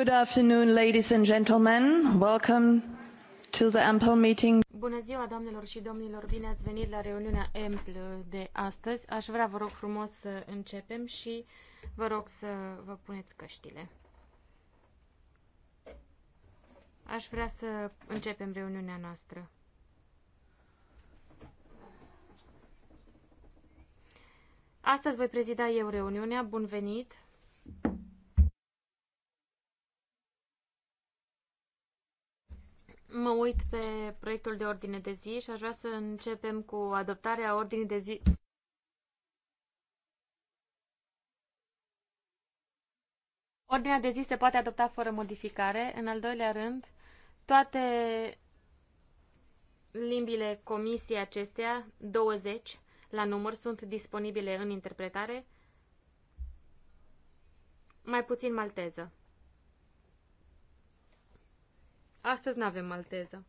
Good afternoon, ladies and gentlemen. Welcome to the Ample meeting. Bună ziua, doamnelor și domnilor. Bine ați venit la reuniunea Ample de astăzi. Aș vrea, vă rog frumos, să începem și vă rog să vă puneți căștile. Aș vrea să începem reuniunea noastră. Astăzi voi prezida eu reuniunea. Bun venit! Mă uit pe proiectul de ordine de zi și aș vrea să începem cu adoptarea ordinii de zi. Ordinea de zi se poate adopta fără modificare. În al doilea rând, toate limbile comisiei acestea, 20 la număr, sunt disponibile în interpretare, mai puțin malteză. Astăzi nu avem malteză.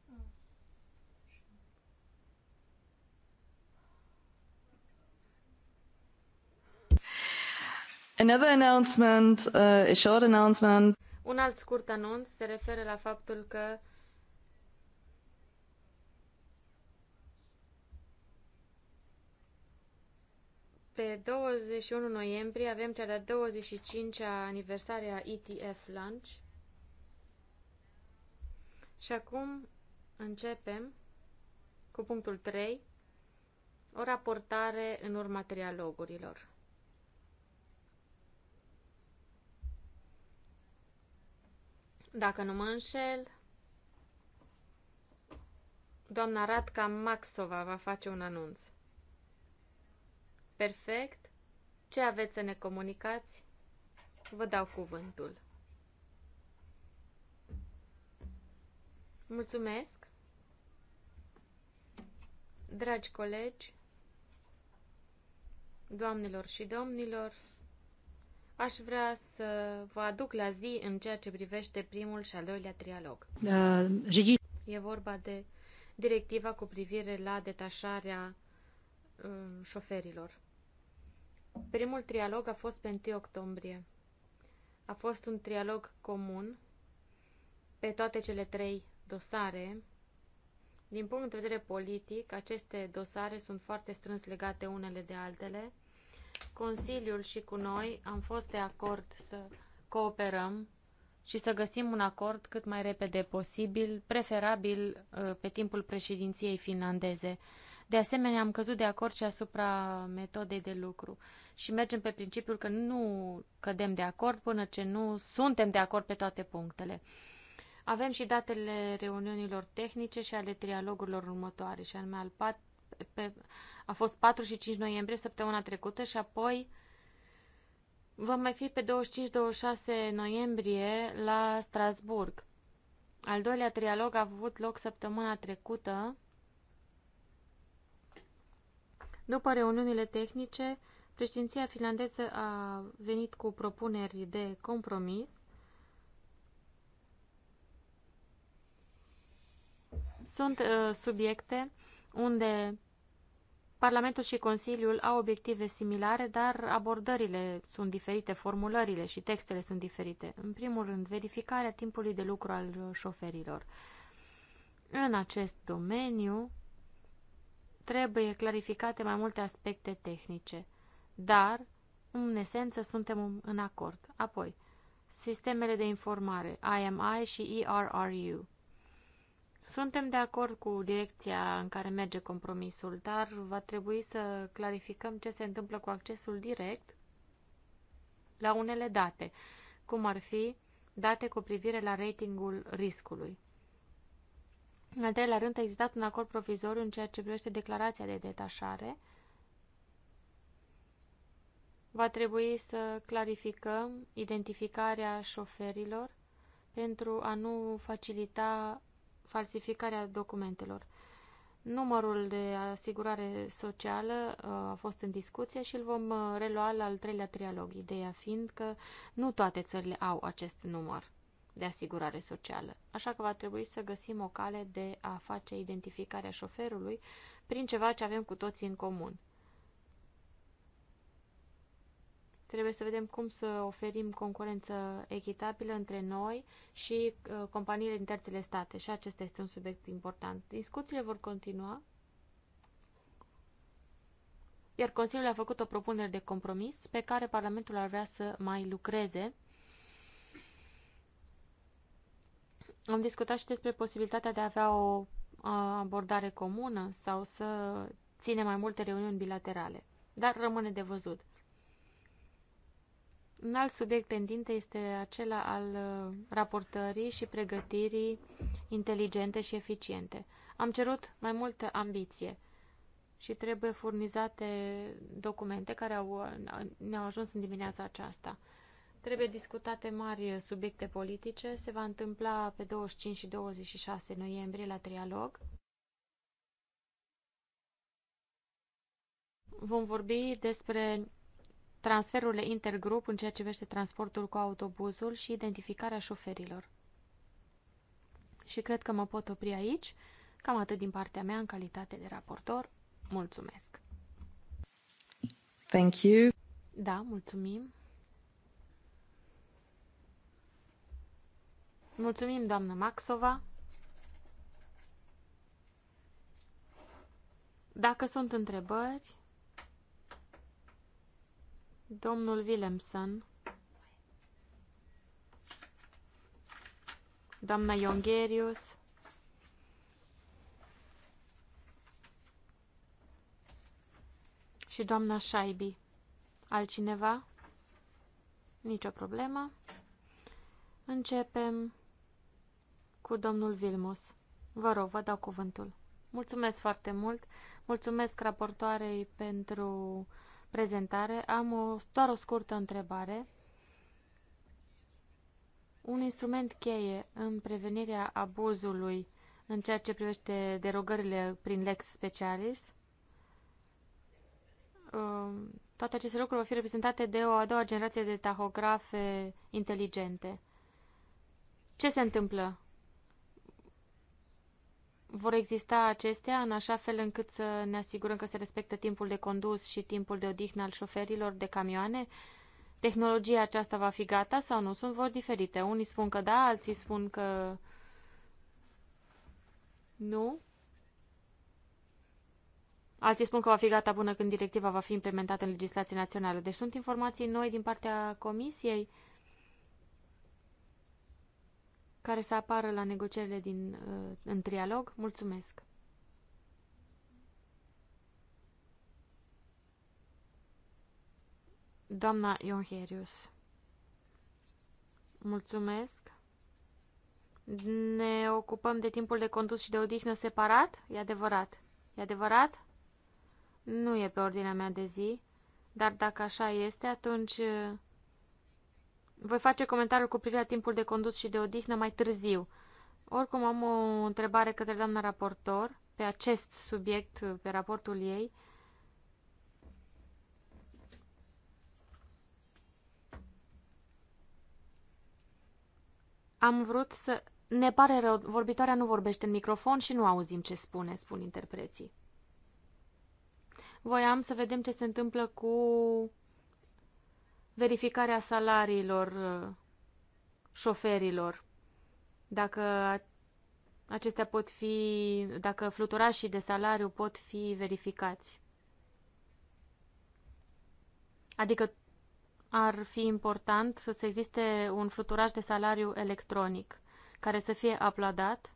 Another announcement, uh, a short announcement. Un alt scurt anunț se referă la faptul că pe 21 noiembrie avem cea de-a 25-a aniversare a ETF Lunch și acum începem cu punctul 3, o raportare în urma trialogurilor. Dacă nu mă înșel, doamna Radka Maxova va face un anunț. Perfect. Ce aveți să ne comunicați? Vă dau cuvântul. Mulțumesc! Dragi colegi, doamnelor și domnilor, aș vrea să vă aduc la zi în ceea ce privește primul și al doilea trialog. Da, e vorba de directiva cu privire la detașarea uh, șoferilor. Primul trialog a fost pe 1 octombrie. A fost un trialog comun pe toate cele trei dosare. Din punct de vedere politic, aceste dosare sunt foarte strâns legate unele de altele. Consiliul și cu noi am fost de acord să cooperăm și să găsim un acord cât mai repede posibil, preferabil uh, pe timpul președinției finlandeze. De asemenea, am căzut de acord și asupra metodei de lucru și mergem pe principiul că nu cădem de acord până ce nu suntem de acord pe toate punctele. Avem și datele reuniunilor tehnice și ale trialogurilor următoare, și anume al pat, pe, a fost 4 și 5 noiembrie săptămâna trecută și apoi vom mai fi pe 25-26 noiembrie la Strasburg. Al doilea trialog a avut loc săptămâna trecută. După reuniunile tehnice, președinția finlandeză a venit cu propuneri de compromis Sunt uh, subiecte unde Parlamentul și Consiliul au obiective similare, dar abordările sunt diferite, formulările și textele sunt diferite. În primul rând, verificarea timpului de lucru al șoferilor. În acest domeniu trebuie clarificate mai multe aspecte tehnice, dar, în esență, suntem în acord. Apoi, sistemele de informare, IMI și ERRU. Suntem de acord cu direcția în care merge compromisul, dar va trebui să clarificăm ce se întâmplă cu accesul direct la unele date, cum ar fi date cu privire la ratingul riscului. În al treilea rând, a existat un acord provizoriu în ceea ce privește declarația de detașare. Va trebui să clarificăm identificarea șoferilor pentru a nu facilita falsificarea documentelor. Numărul de asigurare socială uh, a fost în discuție și îl vom uh, relua la al treilea trialog, ideea fiind că nu toate țările au acest număr de asigurare socială, așa că va trebui să găsim o cale de a face identificarea șoferului prin ceva ce avem cu toții în comun. Trebuie să vedem cum să oferim concurență echitabilă între noi și uh, companiile din terțele state. Și acesta este un subiect important. Discuțiile vor continua. Iar Consiliul a făcut o propunere de compromis pe care Parlamentul ar vrea să mai lucreze. Am discutat și despre posibilitatea de a avea o abordare comună sau să ține mai multe reuniuni bilaterale. Dar rămâne de văzut. Un alt subiect pendinte este acela al uh, raportării și pregătirii inteligente și eficiente. Am cerut mai multă ambiție și trebuie furnizate documente care au, uh, ne-au ajuns în dimineața aceasta. Trebuie discutate mari subiecte politice. Se va întâmpla pe 25 și 26 noiembrie la trialog. Vom vorbi despre transferurile intergrup în ceea ce vește transportul cu autobuzul și identificarea șoferilor. Și cred că mă pot opri aici. Cam atât din partea mea în calitate de raportor. Mulțumesc! Thank you. Da, mulțumim. Mulțumim, doamnă Maxova. Dacă sunt întrebări, Domnul Willemsen. Doamna Iongerius. Și doamna Șaibi. Altcineva? o problemă. Începem cu domnul Vilmus. Vă rog, vă dau cuvântul. Mulțumesc foarte mult. Mulțumesc raportoarei pentru prezentare. Am o, doar o scurtă întrebare. Un instrument cheie în prevenirea abuzului în ceea ce privește derogările prin lex specialis. Um, toate aceste lucruri vor fi reprezentate de o a doua generație de tahografe inteligente. Ce se întâmplă vor exista acestea în așa fel încât să ne asigurăm că se respectă timpul de condus și timpul de odihnă al șoferilor de camioane? Tehnologia aceasta va fi gata sau nu? Sunt voci diferite. Unii spun că da, alții spun că nu. Alții spun că va fi gata până când directiva va fi implementată în legislație națională. Deci sunt informații noi din partea Comisiei care să apară la negocierile din, uh, în trialog. Mulțumesc! Doamna Ionherius, mulțumesc! Ne ocupăm de timpul de condus și de odihnă separat? E adevărat. E adevărat? Nu e pe ordinea mea de zi, dar dacă așa este, atunci uh, voi face comentariul cu privire la timpul de condus și de odihnă mai târziu. Oricum am o întrebare către doamna raportor pe acest subiect, pe raportul ei. Am vrut să... Ne pare rău, vorbitoarea nu vorbește în microfon și nu auzim ce spune, spun interpreții. Voiam să vedem ce se întâmplă cu verificarea salariilor uh, șoferilor, dacă acestea pot fi, dacă fluturașii de salariu pot fi verificați. Adică ar fi important să se existe un fluturaj de salariu electronic care să fie aplaudat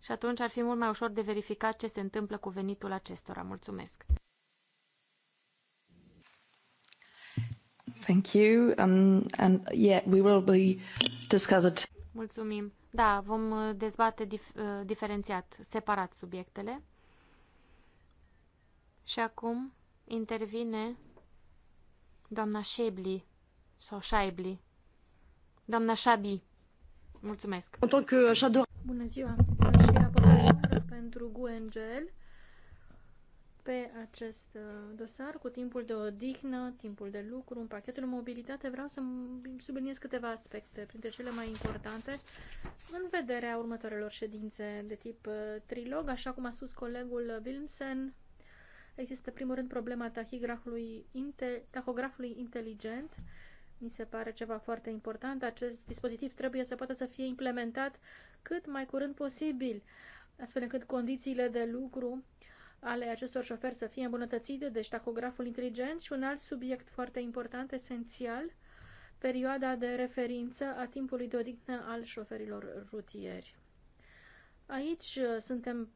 și atunci ar fi mult mai ușor de verificat ce se întâmplă cu venitul acestora. Mulțumesc! Thank you. Um, and yeah, we will be Mulțumim. Da, vom uh, dezbate dif- uh, diferențiat, separat subiectele. Și acum intervine doamna Shebli sau Shaibli. Doamna Shabi. Mulțumesc. Bună ziua. Ca și raportor pentru GUNGL, pe acest uh, dosar cu timpul de odihnă, timpul de lucru, în pachetul mobilitate, vreau să subliniez câteva aspecte, printre cele mai importante, în vederea următoarelor ședințe de tip uh, trilog, așa cum a spus colegul Wilmsen, există primul rând problema tahigrafului, inte, tahografului inteligent, mi se pare ceva foarte important, acest dispozitiv trebuie să poată să fie implementat cât mai curând posibil, astfel încât condițiile de lucru ale acestor șoferi să fie îmbunătățite, deci tacograful inteligent și un alt subiect foarte important, esențial, perioada de referință a timpului de odihnă al șoferilor rutieri. Aici uh, suntem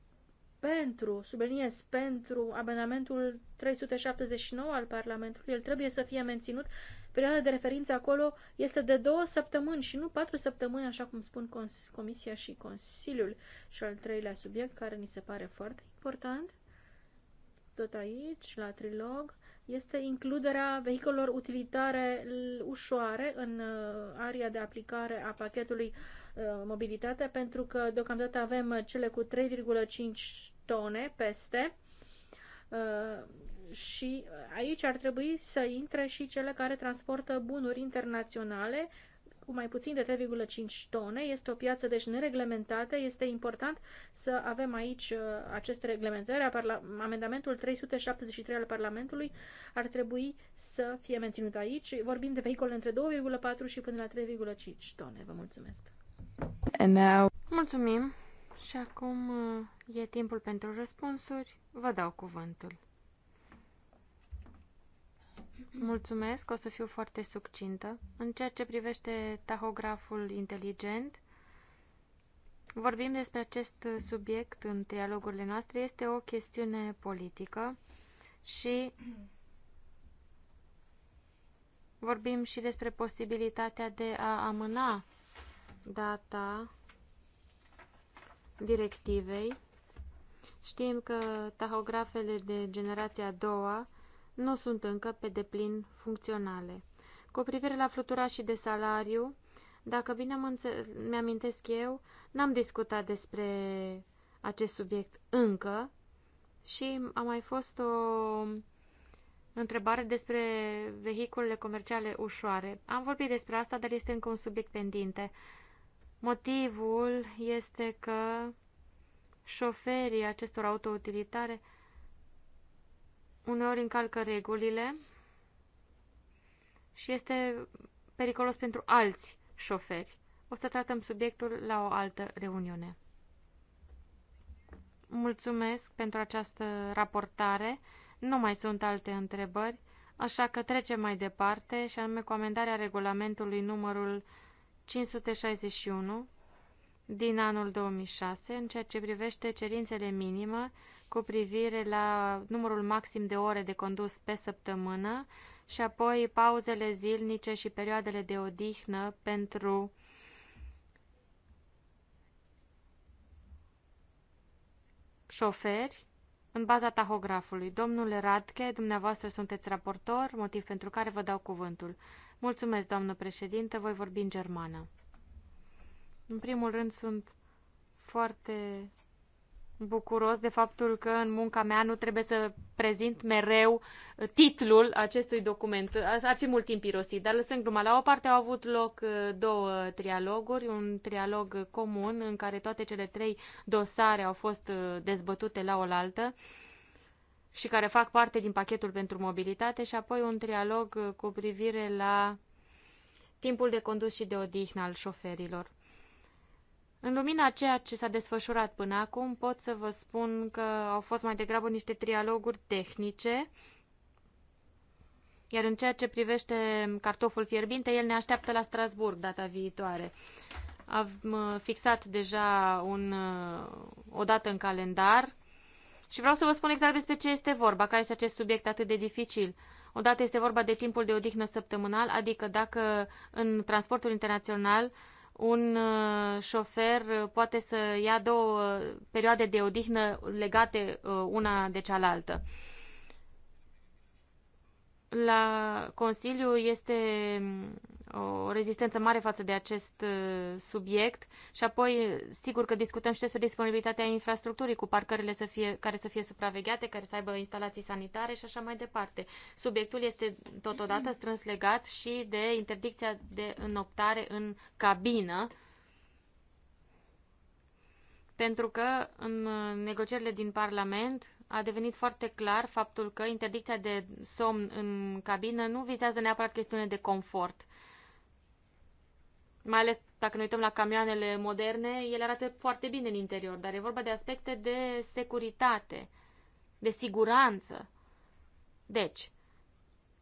pentru, subliniez, pentru abonamentul 379 al Parlamentului, el trebuie să fie menținut. Perioada de referință acolo este de două săptămâni și nu patru săptămâni, așa cum spun Comisia și Consiliul. Și al treilea subiect, care ni se pare foarte important, tot aici, la trilog, este includerea vehicolor utilitare ușoare în uh, area de aplicare a pachetului uh, mobilitate, pentru că deocamdată avem cele cu 3,5 tone peste uh, și aici ar trebui să intre și cele care transportă bunuri internaționale cu mai puțin de 3,5 tone. Este o piață deci nereglementată. Este important să avem aici uh, aceste reglementări. Amendamentul 373 al Parlamentului ar trebui să fie menținut aici. Vorbim de vehicole între 2,4 și până la 3,5 tone. Vă mulțumesc! now... Mulțumim! Și acum uh, e timpul pentru răspunsuri. Vă dau cuvântul. Mulțumesc, o să fiu foarte succintă. În ceea ce privește tahograful inteligent, vorbim despre acest subiect în dialogurile noastre. Este o chestiune politică și vorbim și despre posibilitatea de a amâna data directivei. Știm că tahografele de generația a doua nu sunt încă pe deplin funcționale. Cu privire la flutura și de salariu, dacă bine mi-amintesc eu, n-am discutat despre acest subiect încă și a mai fost o întrebare despre vehiculele comerciale ușoare. Am vorbit despre asta, dar este încă un subiect pendinte. Motivul este că șoferii acestor autoutilitare utilitare uneori încalcă regulile și este periculos pentru alți șoferi. O să tratăm subiectul la o altă reuniune. Mulțumesc pentru această raportare. Nu mai sunt alte întrebări, așa că trecem mai departe și anume cu regulamentului numărul 561 din anul 2006 în ceea ce privește cerințele minime cu privire la numărul maxim de ore de condus pe săptămână și apoi pauzele zilnice și perioadele de odihnă pentru șoferi în baza tahografului. Domnule Radke, dumneavoastră sunteți raportor, motiv pentru care vă dau cuvântul. Mulțumesc, doamnă președintă, voi vorbi în germană. În primul rând sunt foarte bucuros de faptul că în munca mea nu trebuie să prezint mereu uh, titlul acestui document. Ar fi mult timp irosit, dar lăsând gluma la o parte, au avut loc uh, două trialoguri, un trialog comun în care toate cele trei dosare au fost uh, dezbătute la oaltă și care fac parte din pachetul pentru mobilitate și apoi un trialog cu privire la timpul de condus și de odihnă al șoferilor. În lumina ceea ce s-a desfășurat până acum, pot să vă spun că au fost mai degrabă niște trialoguri tehnice, iar în ceea ce privește cartoful fierbinte, el ne așteaptă la Strasburg data viitoare. Am uh, fixat deja un, uh, o dată în calendar și vreau să vă spun exact despre ce este vorba, care este acest subiect atât de dificil. Odată este vorba de timpul de odihnă săptămânal, adică dacă în transportul internațional uh, un uh, șofer uh, poate să ia două uh, perioade de odihnă legate una de cealaltă. La Consiliu este o rezistență mare față de acest uh, subiect și apoi sigur că discutăm și despre disponibilitatea infrastructurii cu parcările să fie, care să fie supravegheate, care să aibă instalații sanitare și așa mai departe. Subiectul este totodată strâns legat și de interdicția de înoptare în cabină pentru că în uh, negocierile din Parlament a devenit foarte clar faptul că interdicția de somn în cabină nu vizează neapărat chestiune de confort, mai ales dacă ne uităm la camioanele moderne, ele arată foarte bine în interior, dar e vorba de aspecte de securitate, de siguranță. Deci,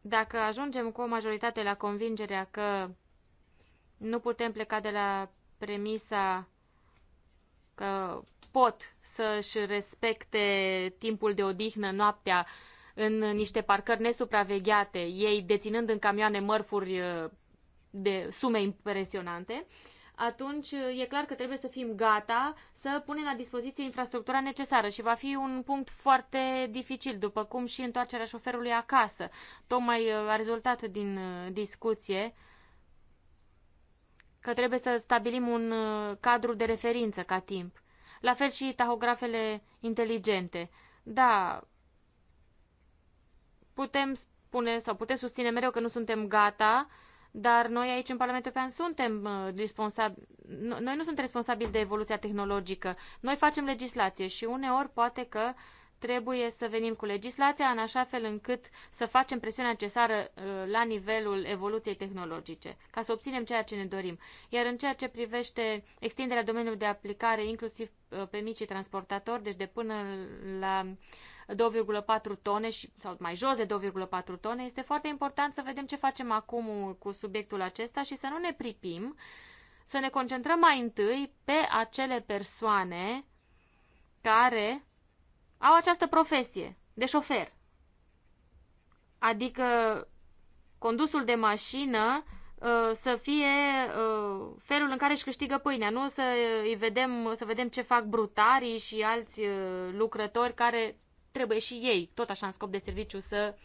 dacă ajungem cu o majoritate la convingerea că nu putem pleca de la premisa că pot să-și respecte timpul de odihnă, noaptea, în niște parcări nesupravegheate, ei deținând în camioane mărfuri de sume impresionante, atunci e clar că trebuie să fim gata să punem la dispoziție infrastructura necesară și va fi un punct foarte dificil, după cum și întoarcerea șoferului acasă. Tocmai uh, a rezultat din uh, discuție că trebuie să stabilim un uh, cadru de referință ca timp. La fel și tahografele inteligente. Da, putem spune sau putem susține mereu că nu suntem gata dar noi aici în Parlamentul European suntem uh, responsabili, noi nu suntem responsabili de evoluția tehnologică. Noi facem legislație și uneori poate că trebuie să venim cu legislația în așa fel încât să facem presiunea necesară uh, la nivelul evoluției tehnologice, ca să obținem ceea ce ne dorim. Iar în ceea ce privește extinderea domeniului de aplicare, inclusiv uh, pe micii transportatori, deci de până la uh, 2,4 tone și, sau mai jos de 2,4 tone, este foarte important să vedem ce facem acum cu subiectul acesta și să nu ne pripim, să ne concentrăm mai întâi pe acele persoane care au această profesie de șofer. Adică condusul de mașină uh, să fie uh, felul în care își câștigă pâinea, nu să îi vedem, să vedem ce fac brutarii și alți uh, lucrători care trebuie și ei, tot așa în scop de serviciu, să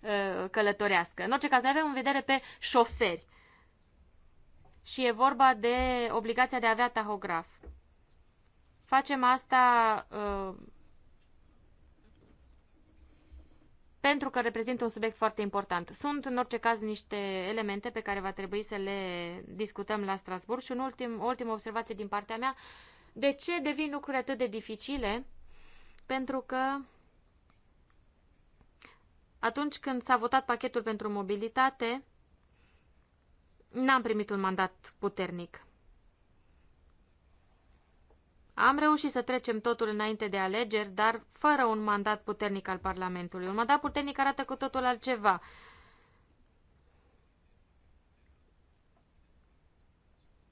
uh, călătorească. În orice caz, noi avem în vedere pe șoferi. Și e vorba de obligația de a avea tahograf. Facem asta uh, pentru că reprezintă un subiect foarte important. Sunt, în orice caz, niște elemente pe care va trebui să le discutăm la Strasburg. Și un ultim, o ultimă observație din partea mea. De ce devin lucruri atât de dificile? Pentru că atunci când s-a votat pachetul pentru mobilitate, n-am primit un mandat puternic. Am reușit să trecem totul înainte de alegeri, dar fără un mandat puternic al Parlamentului. Un mandat puternic arată cu totul altceva.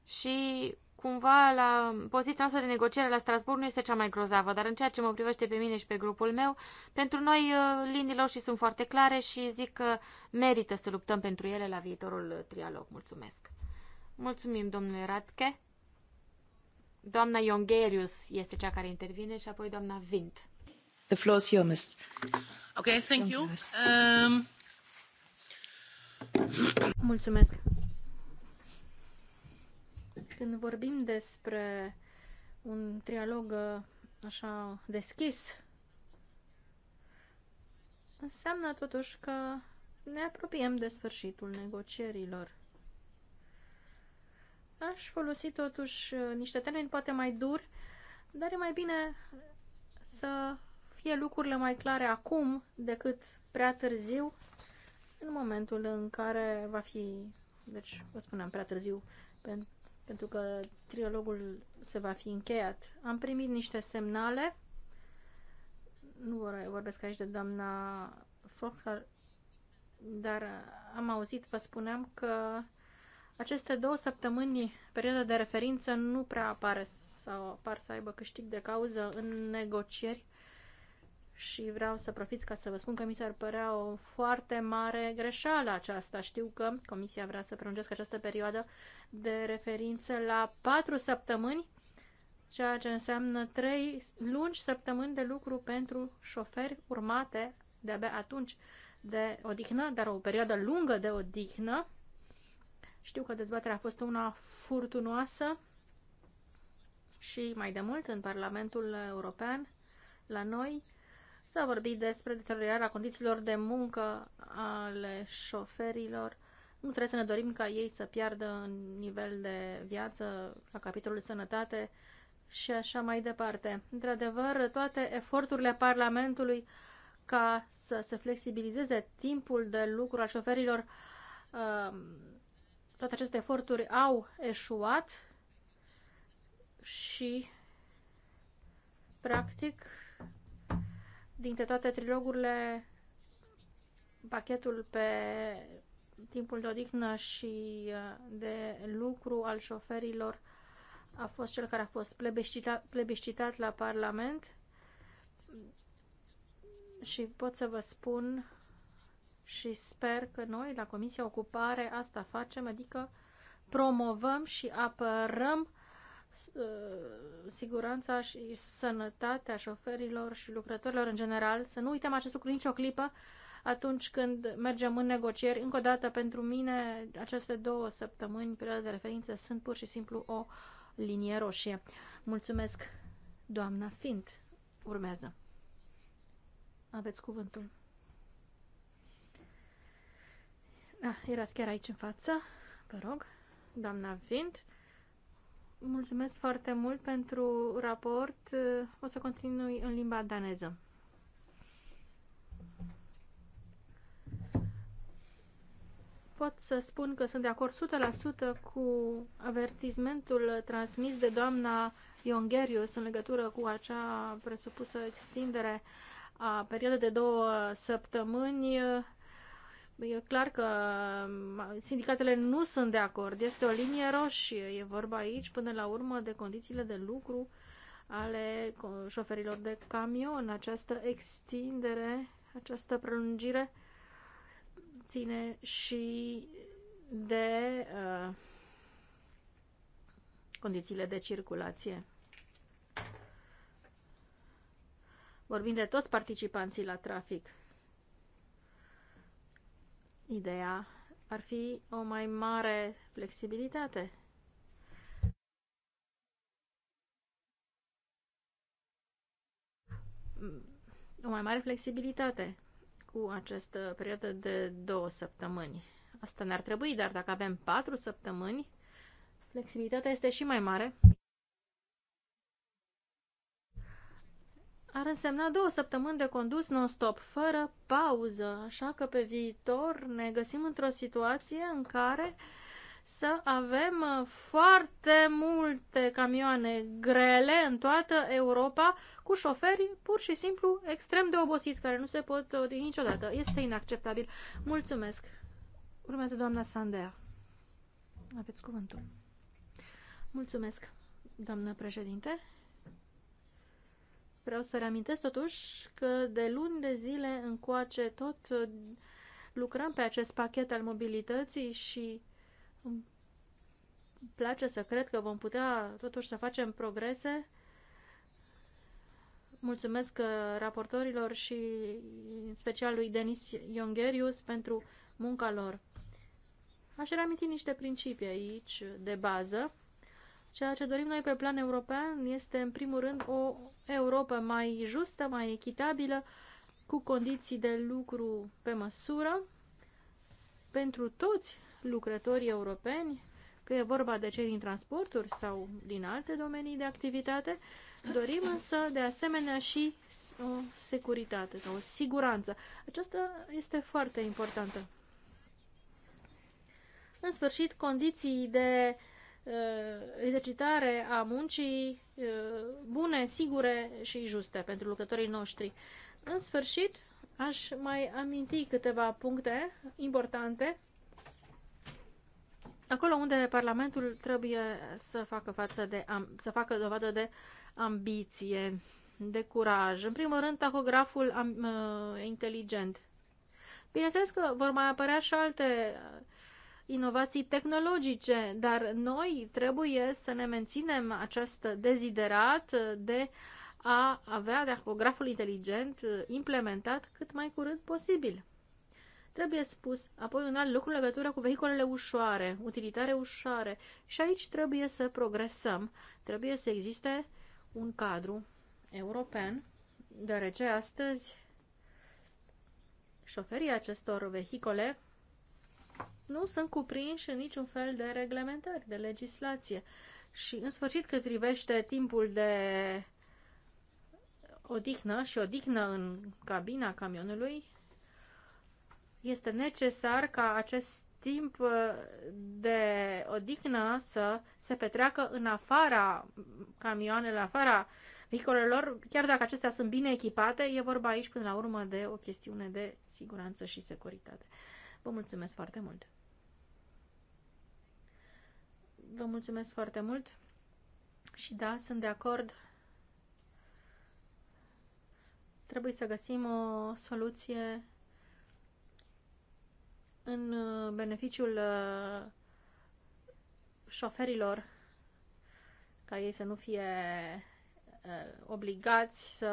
Și cumva la poziția noastră de negociere la Strasburg nu este cea mai grozavă, dar în ceea ce mă privește pe mine și pe grupul meu, pentru noi uh, liniile lor și sunt foarte clare și zic că merită să luptăm pentru ele la viitorul uh, trialog. Mulțumesc! Mulțumim, domnule Radke! Doamna Iongerius este cea care intervine și apoi doamna Vint. The floor is yours. Okay, thank you. Um... Mulțumesc. Când vorbim despre un trialog uh, așa deschis, înseamnă totuși că ne apropiem de sfârșitul negocierilor. Aș folosi totuși uh, niște termeni poate mai duri, dar e mai bine să fie lucrurile mai clare acum decât prea târziu, în momentul în care va fi, deci vă spuneam prea târziu, pentru pentru că trilogul se va fi încheiat. Am primit niște semnale, nu vorbesc aici de doamna Focar, dar am auzit, vă spuneam că aceste două săptămâni, perioada de referință, nu prea apare sau apar să aibă câștig de cauză în negocieri și vreau să profit ca să vă spun că mi s-ar părea o foarte mare greșeală aceasta. Știu că Comisia vrea să prelungesc această perioadă de referință la patru săptămâni, ceea ce înseamnă trei lungi săptămâni de lucru pentru șoferi urmate de-abia atunci de odihnă, dar o perioadă lungă de odihnă. Știu că dezbaterea a fost una furtunoasă și mai de mult în Parlamentul European, la noi, S-a vorbit despre deteriorarea condițiilor de muncă ale șoferilor. Nu trebuie să ne dorim ca ei să piardă nivel de viață la capitolul sănătate și așa mai departe. Într-adevăr, toate eforturile Parlamentului ca să se flexibilizeze timpul de lucru al șoferilor, um, toate aceste eforturi au eșuat și, practic, Dintre toate trilogurile, pachetul pe timpul de odihnă și uh, de lucru al șoferilor a fost cel care a fost plebiscitat, plebiscitat la Parlament și pot să vă spun și sper că noi la Comisia Ocupare asta facem, adică promovăm și apărăm Uh, siguranța și sănătatea șoferilor și lucrătorilor în general, să nu uităm acest lucru nicio clipă atunci când mergem în negocieri. Încă o dată, pentru mine, aceste două săptămâni, perioada de referință, sunt pur și simplu o linie roșie. Mulțumesc, doamna Fint. Urmează. Aveți cuvântul. Ah, erați chiar aici în față, vă rog, doamna Vint. Mulțumesc foarte mult pentru raport. O să continui în limba daneză. Pot să spun că sunt de acord 100% cu avertismentul transmis de doamna Iongerius în legătură cu acea presupusă extindere a perioadei de două săptămâni E clar că sindicatele nu sunt de acord. Este o linie roșie. E vorba aici, până la urmă, de condițiile de lucru ale șoferilor de camion. Această extindere, această prelungire ține și de uh, condițiile de circulație. Vorbim de toți participanții la trafic. Ideea ar fi o mai mare flexibilitate. Mm, o mai mare flexibilitate cu această perioadă de două săptămâni. Asta ne-ar trebui, dar dacă avem patru săptămâni, flexibilitatea este și mai mare. ar însemna două săptămâni de condus non-stop, fără pauză, așa că pe viitor ne găsim într-o situație în care să avem uh, foarte multe camioane grele în toată Europa cu șoferi pur și simplu extrem de obosiți care nu se pot odihni niciodată. Este inacceptabil. Mulțumesc. Urmează doamna Sandea. Aveți cuvântul. Mulțumesc, doamnă președinte. Vreau să reamintesc totuși că de luni de zile încoace tot uh, lucrăm pe acest pachet al mobilității și îmi place să cred că vom putea totuși să facem progrese. Mulțumesc uh, raportorilor și în special lui Denis Iongerius pentru munca lor. Aș reaminti niște principii aici de bază Ceea ce dorim noi pe plan european este, în primul rând, o Europa mai justă, mai echitabilă, cu condiții de lucru pe măsură pentru toți lucrătorii europeni, că e vorba de cei din transporturi sau din alte domenii de activitate. Dorim însă, de asemenea, și o securitate sau o siguranță. Aceasta este foarte importantă. În sfârșit, condiții de uh, Uh, exercitare a muncii uh, bune, sigure și juste pentru lucrătorii noștri. În sfârșit, aș mai aminti câteva puncte importante acolo unde Parlamentul trebuie să facă, față de, să facă dovadă de ambiție, de curaj. În primul rând, tachograful am, uh, inteligent. Bineînțeles că vor mai apărea și alte uh, inovații tehnologice, dar noi trebuie să ne menținem acest deziderat de a avea dacograful inteligent uh, implementat cât mai curând posibil. Trebuie spus apoi un alt lucru în legătură cu vehicolele ușoare, utilitare ușoare. Și aici trebuie să progresăm. Trebuie să existe un cadru european, deoarece astăzi șoferii acestor vehicole nu sunt cuprinși în niciun fel de reglementări, de legislație. Și, în sfârșit, cât privește timpul de odihnă și odihnă în cabina camionului, este necesar ca acest timp uh, de odihnă să se petreacă în afara camioanelor, în afara vehiculelor, chiar dacă acestea sunt bine echipate, e vorba aici până la urmă de o chestiune de siguranță și securitate. Vă mulțumesc foarte mult! Vă mulțumesc foarte mult și da, sunt de acord. Trebuie să găsim o soluție în uh, beneficiul uh, șoferilor ca ei să nu fie Uh, obligați să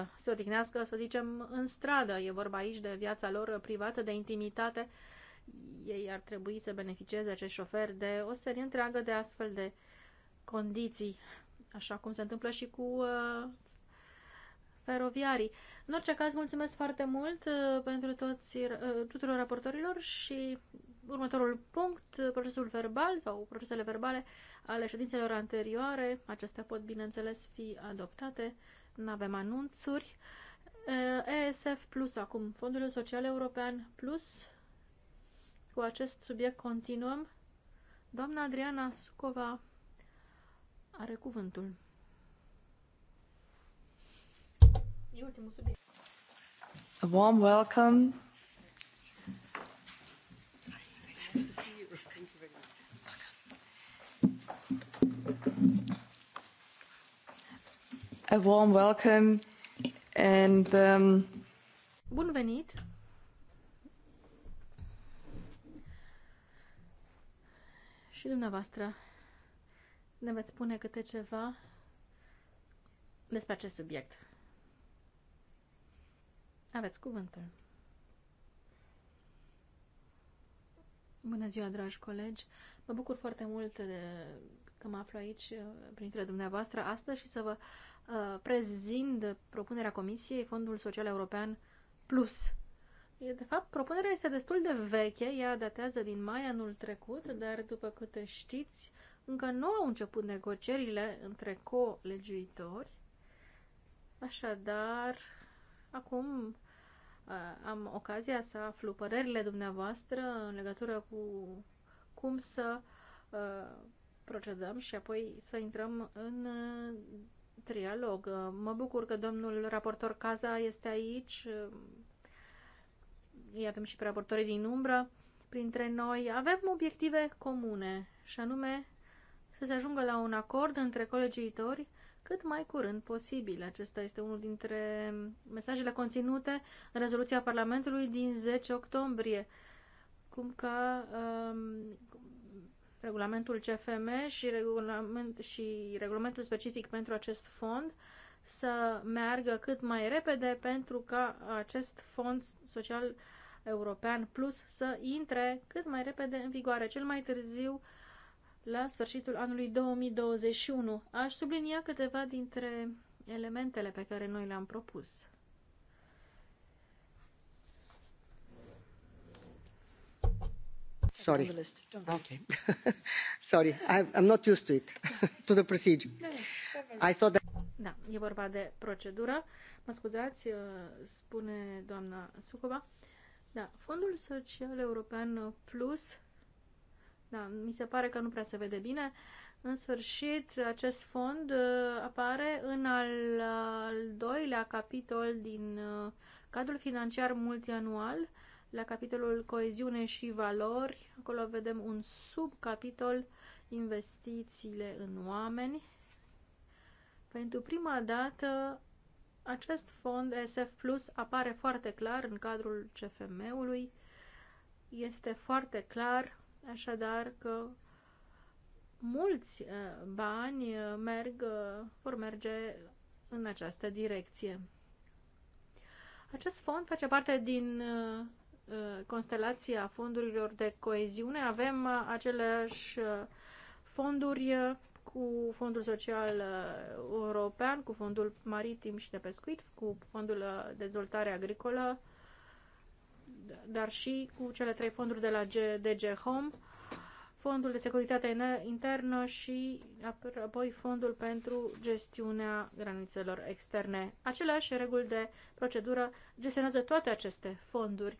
uh, se odihnească, să zicem, în stradă. E vorba aici de viața lor privată, de intimitate. Ei ar trebui să beneficieze acești șoferi de o serie întreagă de astfel de condiții, așa cum se întâmplă și cu uh, feroviarii. În orice caz, mulțumesc foarte mult uh, pentru toți, uh, tuturor raportorilor și următorul punct, uh, procesul verbal sau procesele verbale ale ședințelor anterioare. Acestea pot, bineînțeles, fi adoptate. Nu avem anunțuri. ESF Plus acum, Fondul Social European Plus. Cu acest subiect continuăm. Doamna Adriana Sucova are cuvântul. A warm welcome. A warm welcome and um... Bun venit. Și dumneavoastră ne veți spune câte ceva despre acest subiect. Aveți cuvântul. Bună ziua, dragi colegi! Mă bucur foarte mult de, că mă aflu aici uh, printre dumneavoastră astăzi și să vă uh, prezint propunerea Comisiei Fondul Social European Plus. De fapt, propunerea este destul de veche, ea datează din mai anul trecut, dar după câte știți, încă nu au început negocierile între co-legiuitori. Așadar, acum Uh, am ocazia să aflu părerile dumneavoastră în legătură cu cum să uh, procedăm și apoi să intrăm în uh, trialog. Mă bucur că domnul raportor Caza este aici. Îi avem și pe raportorii din umbră printre noi. Avem obiective comune și anume să se ajungă la un acord între colegiitori cât mai curând posibil. Acesta este unul dintre mesajele conținute în rezoluția Parlamentului din 10 octombrie, cum că um, regulamentul CFM și, regulament, și regulamentul specific pentru acest fond să meargă cât mai repede pentru ca acest fond social european plus să intre cât mai repede în vigoare, cel mai târziu uh, la sfârșitul anului 2021. Aș sublinia câteva dintre elementele pe care noi le-am propus. Sorry. Da. Okay. Sorry, I'm not used to it, to the procedure. Da, da, I thought that... Da, e vorba de procedură. Mă scuzați, uh, spune doamna Sucova. Da, Fondul Social European Plus da, mi se pare că nu prea se vede bine. În sfârșit, acest fond uh, apare în al, al doilea capitol din uh, cadrul financiar multianual, la capitolul coeziune și valori. Acolo vedem un subcapitol investițiile în oameni. Pentru prima dată, acest fond SF Plus apare foarte clar în cadrul CFM-ului. Este foarte clar Așadar că mulți eh, bani eh, merg, eh, vor merge în această direcție. Acest fond face parte din constelația fondurilor de coeziune. Avem aceleași fonduri cu Fondul Social European, cu Fondul Maritim și de Pescuit, cu Fondul de Dezvoltare Agricolă dar și cu cele trei fonduri de la DG Home, Fondul de Securitate Internă și apoi Fondul pentru Gestiunea Granițelor Externe. Aceleași reguli de procedură gestionează toate aceste fonduri.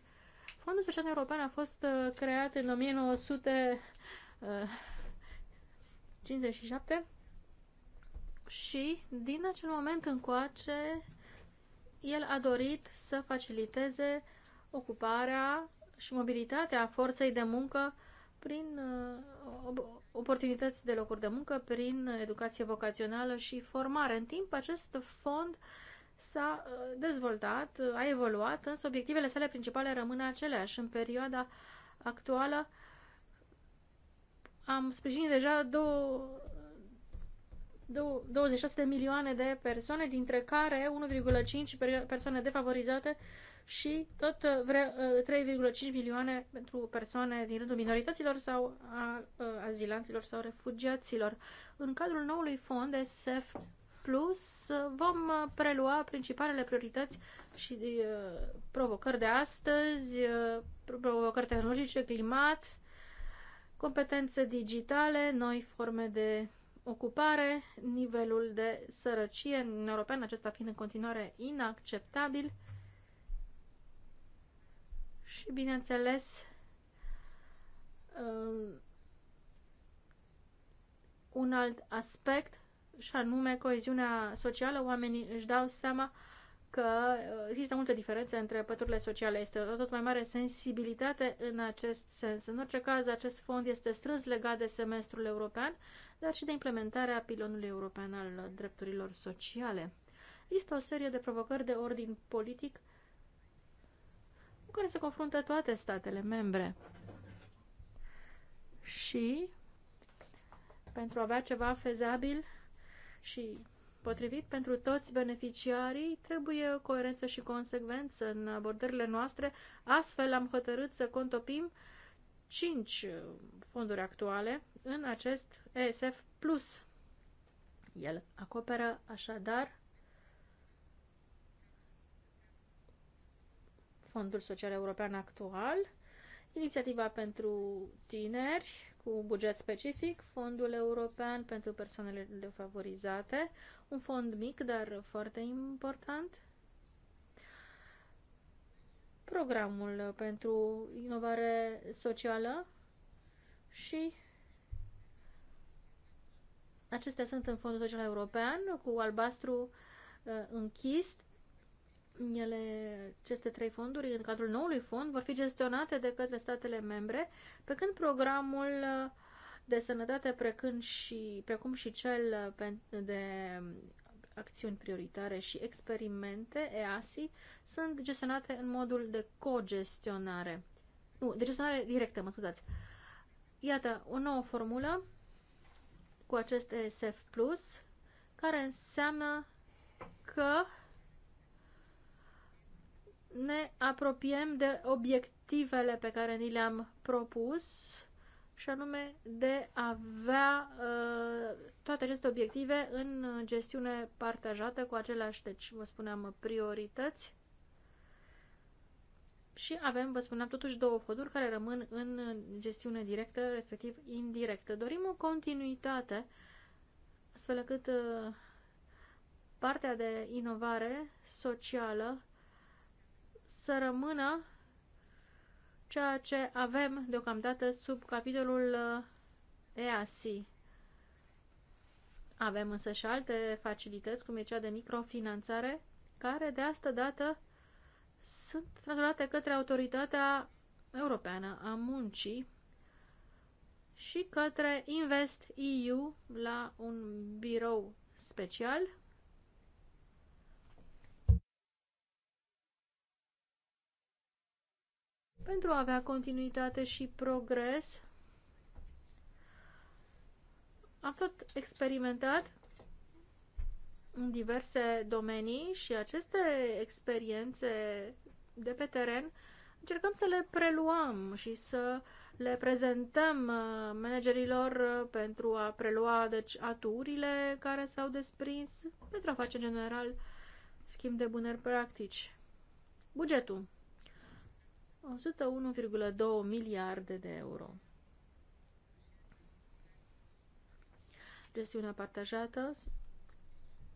Fondul Social European a fost uh, creat în 1957 uh, și din acel moment încoace el a dorit să faciliteze ocuparea și mobilitatea forței de muncă prin uh, oportunități de locuri de muncă, prin educație vocațională și formare. În timp, acest fond s-a uh, dezvoltat, uh, a evoluat, însă obiectivele sale principale rămân aceleași. În perioada actuală am sprijinit deja două, 26 de milioane de persoane, dintre care 1,5 persoane defavorizate și tot 3,5 uh, uh, milioane pentru persoane din rândul minorităților sau a uh, azilanților sau refugiaților. În cadrul noului fond de Plus vom prelua principalele priorități și provocări de astăzi, provocări tehnologice, climat, competențe digitale, noi forme de ocupare, nivelul de sărăcie în european, acesta fiind în continuare inacceptabil, și, bineînțeles, um, un alt aspect și anume coeziunea socială, oamenii își dau seama că uh, există multe diferențe între păturile sociale. Este o tot mai mare sensibilitate în acest sens. În orice caz, acest fond este strâns legat de semestrul european, dar și de implementarea pilonului european al drepturilor sociale. Există o serie de provocări de ordin politic cu care se confruntă toate statele membre. Și pentru a avea ceva fezabil și potrivit pentru toți beneficiarii, trebuie coerență și consecvență în abordările noastre. Astfel am hotărât să contopim 5 fonduri actuale în acest ESF+. El acoperă așadar Fondul Social European actual, Inițiativa pentru tineri cu buget specific, Fondul European pentru persoanele defavorizate, un fond mic, dar foarte important, programul pentru inovare socială și acestea sunt în Fondul Social European cu albastru uh, închis ele, aceste trei fonduri, în cadrul noului fond, vor fi gestionate de către statele membre, pe când programul de sănătate, precând și, precum și cel de acțiuni prioritare și experimente, EASI, sunt gestionate în modul de cogestionare. Nu, de gestionare directă, mă scuzați. Iată, o nouă formulă cu acest ESF+, care înseamnă că ne apropiem de obiectivele pe care ni le-am propus și anume de a avea uh, toate aceste obiective în gestiune partajată cu aceleași, deci vă spuneam, priorități. Și avem, vă spuneam, totuși două fonduri care rămân în gestiune directă, respectiv indirectă. Dorim o continuitate, astfel încât uh, partea de inovare socială să rămână ceea ce avem deocamdată sub capitolul uh, EASI. Avem însă și alte facilități, cum e cea de microfinanțare, care de asta dată sunt transferate către Autoritatea Europeană a Muncii și către Invest EU la un birou special pentru a avea continuitate și progres. Am tot experimentat în diverse domenii și aceste experiențe de pe teren încercăm să le preluăm și să le prezentăm uh, managerilor uh, pentru a prelua deci, aturile care s-au desprins pentru a face general schimb de bune practici. Bugetul. 101,2 miliarde de euro. Gestiunea partajată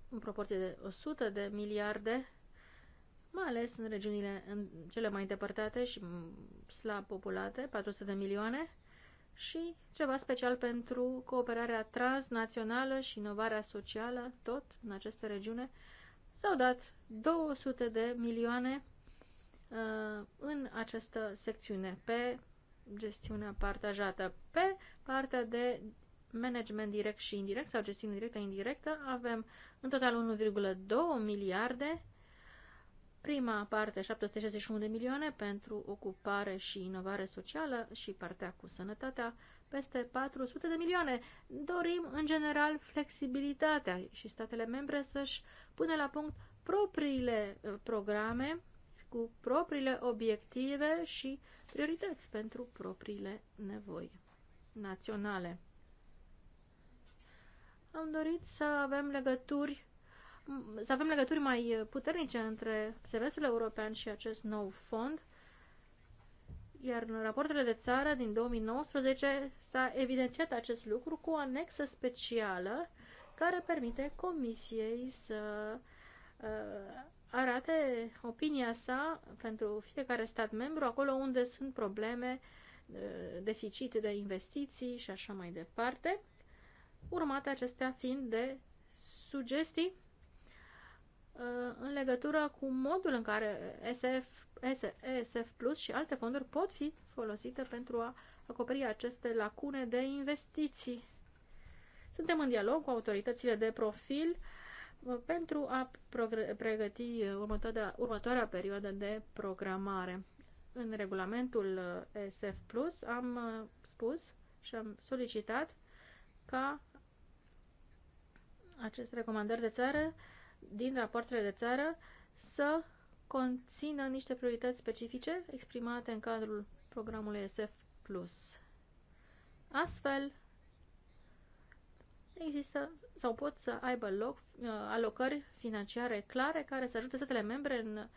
în proporție de 100 de miliarde, mai ales în regiunile în cele mai îndepărtate și slab populate, 400 de milioane, și ceva special pentru cooperarea transnațională și inovarea socială, tot în aceste regiune, s-au dat 200 de milioane Uh, în această secțiune pe gestiunea partajată. Pe partea de management direct și indirect sau gestiune directă indirectă avem în total 1,2 miliarde prima parte 761 de milioane pentru ocupare și inovare socială și partea cu sănătatea peste 400 de milioane. Dorim în general flexibilitatea și statele membre să-și pună la punct propriile uh, programe cu propriile obiective și priorități pentru propriile nevoi naționale. Am dorit să avem legături să avem legături mai puternice între semestrul european și acest nou fond, iar în raportele de țară din 2019 s-a evidențiat acest lucru cu o anexă specială care permite Comisiei să uh, arate opinia sa pentru fiecare stat membru, acolo unde sunt probleme, uh, deficite de investiții și așa mai departe, urmate acestea fiind de sugestii uh, în legătură cu modul în care SF, SF Plus și alte fonduri pot fi folosite pentru a acoperi aceste lacune de investiții. Suntem în dialog cu autoritățile de profil pentru a pregăti uh, următoarea, următoarea perioadă de programare. În regulamentul uh, SF Plus am uh, spus și am solicitat ca aceste recomandări de țară din rapoartele de țară să conțină niște priorități specifice exprimate în cadrul programului SF Plus. Astfel, există sau pot să aibă loc uh, alocări financiare clare care să ajute statele membre în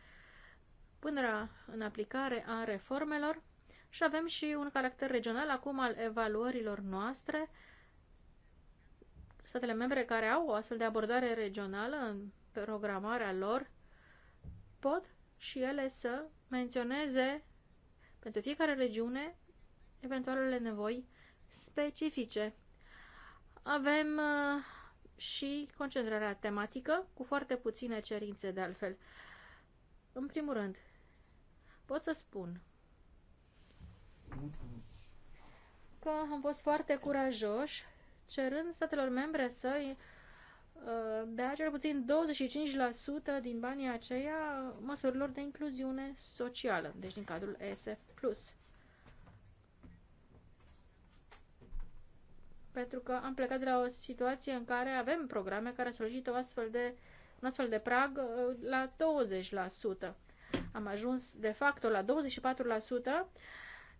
punerea în aplicare a reformelor și avem și un caracter regional acum al evaluărilor noastre. Statele membre care au o astfel de abordare regională în programarea lor pot și ele să menționeze pentru fiecare regiune eventualele nevoi specifice avem uh, și concentrarea tematică, cu foarte puține cerințe de altfel. În primul rând, pot să spun că am fost foarte curajoși cerând statelor membre să uh, dea cel puțin 25% din banii aceia măsurilor de incluziune socială, deci din cadrul ESF+. pentru că am plecat de la o situație în care avem programe care solicită o astfel de, un astfel de prag uh, la 20%. Am ajuns de facto la 24%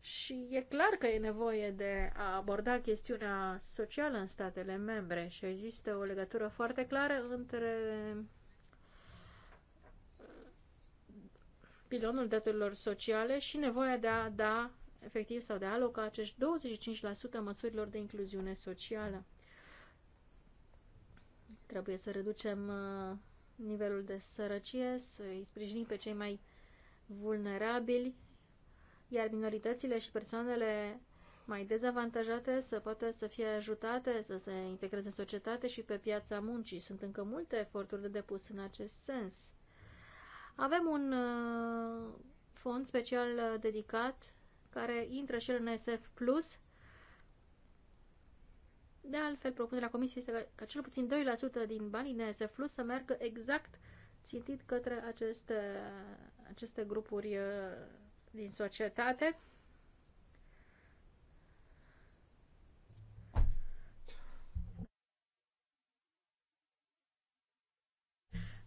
și e clar că e nevoie de a aborda chestiunea socială în statele membre și există o legătură foarte clară între uh, pilonul datelor sociale și nevoia de a da efectiv sau de a aloca acești 25% măsurilor de incluziune socială. Trebuie să reducem uh, nivelul de sărăcie, să îi sprijinim pe cei mai vulnerabili, iar minoritățile și persoanele mai dezavantajate să poată să fie ajutate să se integreze în societate și pe piața muncii. Sunt încă multe eforturi de depus în acest sens. Avem un uh, fond special uh, dedicat care intră și în SF+. De altfel, propunerea Comisiei este ca cel puțin 2% din banii din SF Plus să meargă exact țintit către aceste, aceste grupuri uh, din societate.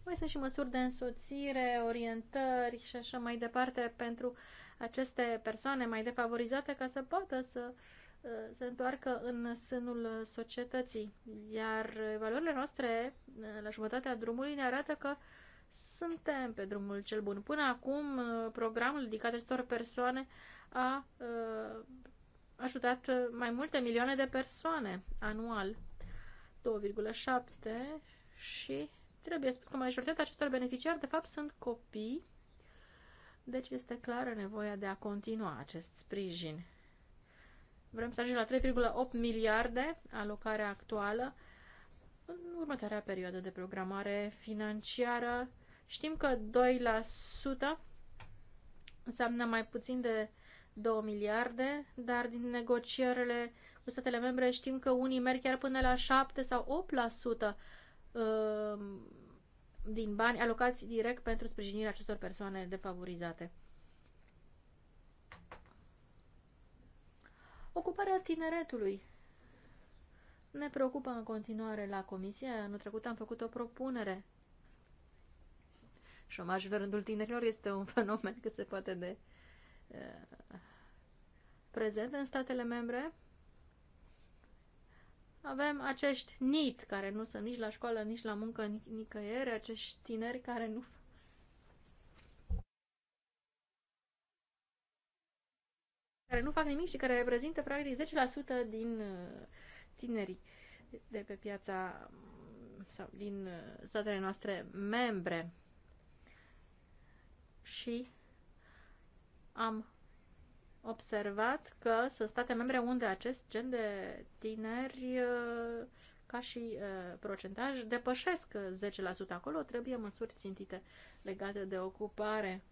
Mai sunt și măsuri de însoțire, orientări și așa mai departe pentru uh, aceste persoane mai defavorizate ca să poată să uh, se întoarcă în sânul societății. Iar valorile noastre uh, la jumătatea drumului ne arată că suntem pe drumul cel bun. Până acum, uh, programul dedicat acestor persoane a ajutat mai multe milioane de persoane anual, 2,7 și trebuie spus că majoritatea acestor beneficiari de fapt sunt copii deci este clară nevoia de a continua acest sprijin. Vrem să ajungem la 3,8 miliarde, alocarea actuală, în următoarea perioadă de programare financiară. Știm că 2% înseamnă mai puțin de 2 miliarde, dar din negocierile cu statele membre știm că unii merg chiar până la 7 sau 8% din bani alocați direct pentru sprijinirea acestor persoane defavorizate. Ocuparea tineretului. Ne preocupă în continuare la comisie. Anul trecut am făcut o propunere. Șomajul în rândul tinerilor este un fenomen cât se poate de uh, prezent în statele membre avem acești NIT, care nu sunt nici la școală, nici la muncă, nici nicăieri, acești tineri care nu care nu fac nimic și care reprezintă practic 10% din uh, tinerii de pe piața sau din uh, statele noastre membre. Și am observat că sunt state membre unde acest gen de tineri, uh, ca și uh, procentaj, depășesc 10%. Acolo trebuie măsuri țintite legate de ocupare.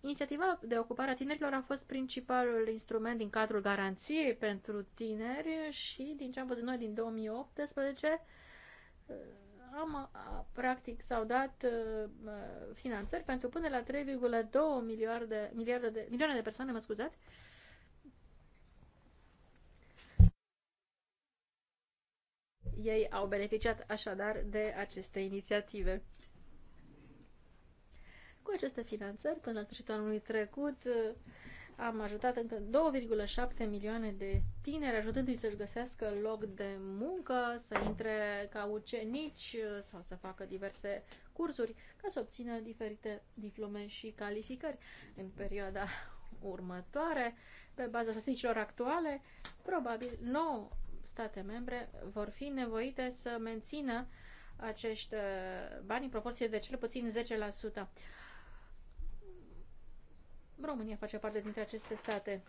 Inițiativa de ocupare a tinerilor a fost principalul instrument din cadrul garanției pentru tineri și, din ce am văzut noi din 2018, am, practic s-au dat uh, finanțări pentru până la 3,2 miliarde, miliarde de, milioane de persoane, mă scuzați, ei au beneficiat așadar de aceste inițiative. Cu aceste finanțări, până la sfârșitul anului trecut, am ajutat încă 2,7 milioane de tineri, ajutându-i să-și găsească loc de muncă, să intre ca ucenici uh, sau să facă diverse cursuri, ca să obțină diferite diplome și calificări. În perioada următoare, pe baza statisticilor actuale, probabil 9 state membre vor fi nevoite să mențină acești uh, bani în proporție de cel puțin 10%. România face parte dintre aceste state.